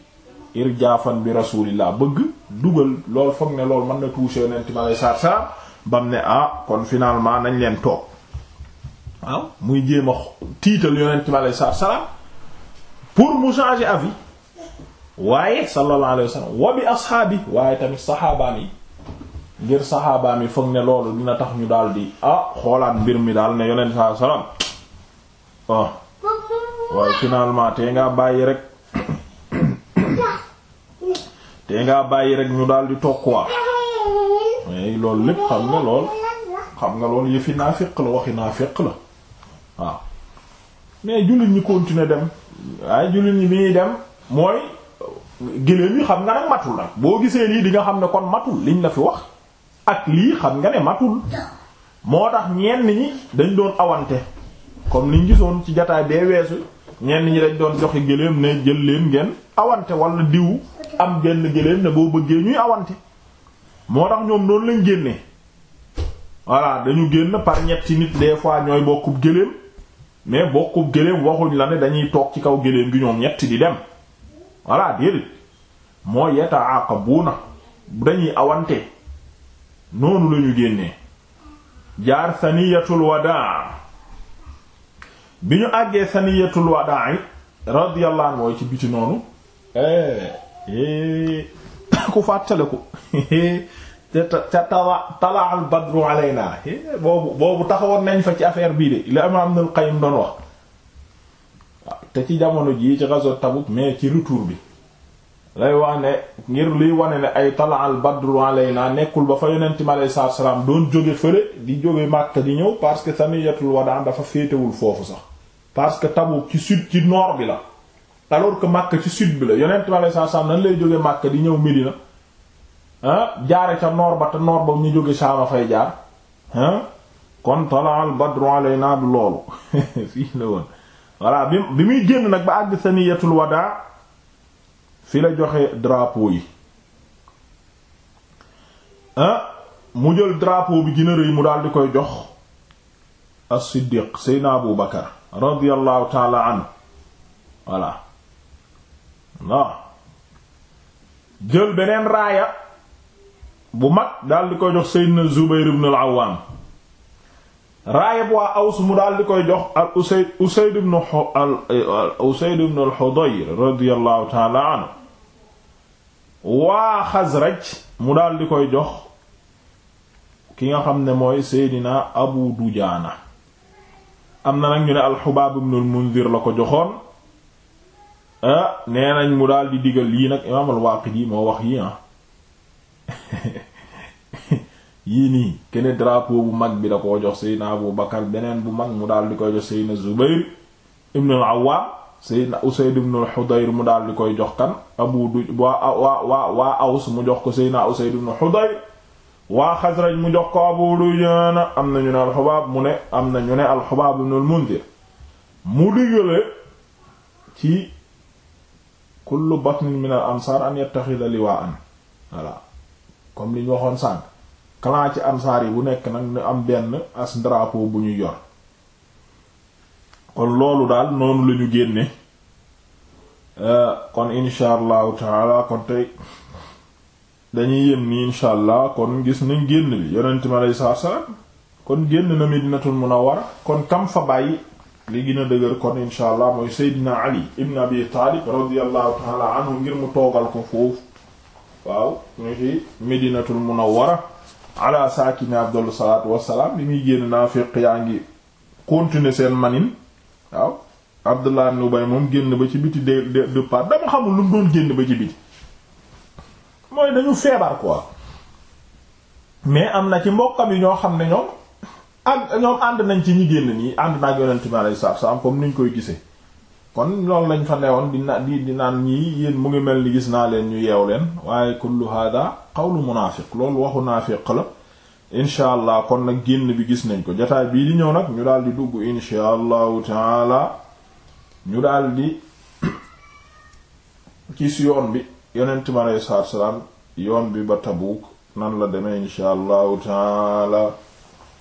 irjaafan bi rasulillah bëgg dugal lool foog ne lool mën na touché yonent bi aleyhi bam ne ah kon finalement nañ leen toog waaw muy jéem a tiital yonent bi aleyhi salaatu salaam pour mu changer avis waaye sallallahu alayhi wa waaye tamit saxaabaam yi ngir saxaabaam yi foog ne loolu dina tax ñu daal di ah xoolaat mbir mi daal ne yonent saa salaam ah waaye finalement tey ngaa bàyyi rek tey nga bàyyi rek ñu daal di toog quoi. mais loolu lépp xam nga lool xam nga lool yëfi naafiq la waxi naafiq la waaw mais jullit ñi continuer dem waaye jullit ñi bi ñuy dem mooy gëléem yi xam nga nag matul nag boo gisee lii di nga xam ne kon matul liñ la fi wax ak lii xam nga ne matul moo tax ñenn ñi dañ doon awante comme liñ gisoon ci jataay bee weesu ñenn ñi dañ doon joxe gëléem ne jël leen ngeen awante walla diw am genn gëléem ne boo bëggee ñuy awante moo tax ñoom noonu lañ génne voilà dañu génn par ñetti nit des fois ñooy bokkub gëléem mais bokkub gëléem waxuñ la ne dañuy toog ci kaw gëléem gi ñoom ñetti di dem voilà déedéet mooy yataaqabuuna dañuy awante noonu lañu génnee jaar saniyatul wadaa bi ñu àggee saniyatul wadaa yi radiyallahu anhu ci biti noonu eh, eh. ku fàttaliku ca tala tala al badru boobu boobu taxawoon nañ fa ci affaire bii de la imaam Ibnul Qayyim doon wax te ci jamono jii ci ghazwat Tabuk mais ci retour bi lay wax ne ngir luy wane ne ay tala al naa nekkul ba fa yonent mi alayhi salaatu salaam doon jóge fële di jóge Makka di ñëw parce que saniyatul wadaa dafa féetewul foofu sax parce que Tabuk ci sud ci nord bi la. alors que Makka ci sud bi la yonent bi lay jóge Makka di ñëw Medina ah jaare ca noor ba te noor ba ñu jóge Saama fay jaar ah, kon talaal badru alayna du loolu fii la woon voilà bi bi muy génn nag ba àgg saniyatul wadaa fi la joxe drapeau yi ah, mu jël drapo bi gën a rëy mu daal di koy jox as-Siddiq Seydina Abu Bakar radiyallahu taala anhu voilà waaw jël beneen raaya bu mag daal di koy jox Seydina Zubayr ibn al-Awwam waa Aws mu daal di koy jox al Usayd Usayd ibn al radiyallahu ta'ala anhu waa Xasraj mu daal di koy jox ki nga xam ne mooy Seydina Abu Dujaana am na nag ñu ne al-Hubaab ibn la ko joxoon ah mu daal di digal lii nag imaam al-Waaqidi moo wax yi ah yii nii kenn drapeau bu mag bi da koo jox Seydina Abu Bakar beneen bu mag mu daal di koy jox Seydina Zubayr ibn al-Awwaam Seydina Usayd ibn al-Hudayr mu daal di koy jox kan Aws mu jox ko Seydina Usayd ibn al-Hudayr waa Xasraj mu jox ko Abu Dujaana am nañu ne al mu ne am nañu ne al-Hubaab ibn al mu digale ci kullu batnin min al ansar an yattaxida liwaan voilà comme li waxoon sànq clan ci ansaar yi bu nekk nag ñu am benn as drapeau bu ñuy yor kon loolu daal noonu la ñu génne euh, kon incha allahu taala kon tey dañuy yem ni incha kon gis nañ génn bi yonent mi wa kon na Madinatul kon kam fa bàyyi li gën a dëgër kon incha allah mooy Seydina Ali ibn Abi Taalib radiyallahu taala anhu ngir mu toogal ko foofu waaw ñu ci Medinatul Munawwara ala saakini afdalu salaatu wassalaam bi muy génn naafiq yaa ngi continuer seen manin waaw Abdullah ibn Ubay moom génn ba ci biti de de part dama xamul lu mu doon génn ba ci biti mooy dañu feebar quoi mais am na ci mbokkam yi ñoo xam ne ñoom ànd ñoom ànd nañ ci ñi génn nii ànd naag yonent bi alayhi salaatu salaam comme niñ koy gisee kon loolu lañ fa newoon di na di naan ñii yéen mu ngi mel ni gis naa leen ñu yeew leen waaye kullu hada qawlu munaafiq loolu waxu naafiq la incha allah kon nag génn bi gis nañ ko jotaay bii di ñëw nag ñu daal di dugg incha allahu taala ñu daal di si yoon bi yonent bi alayhi salaatu salaam yoon bi ba Tabuuk nan la demee incha allahu taala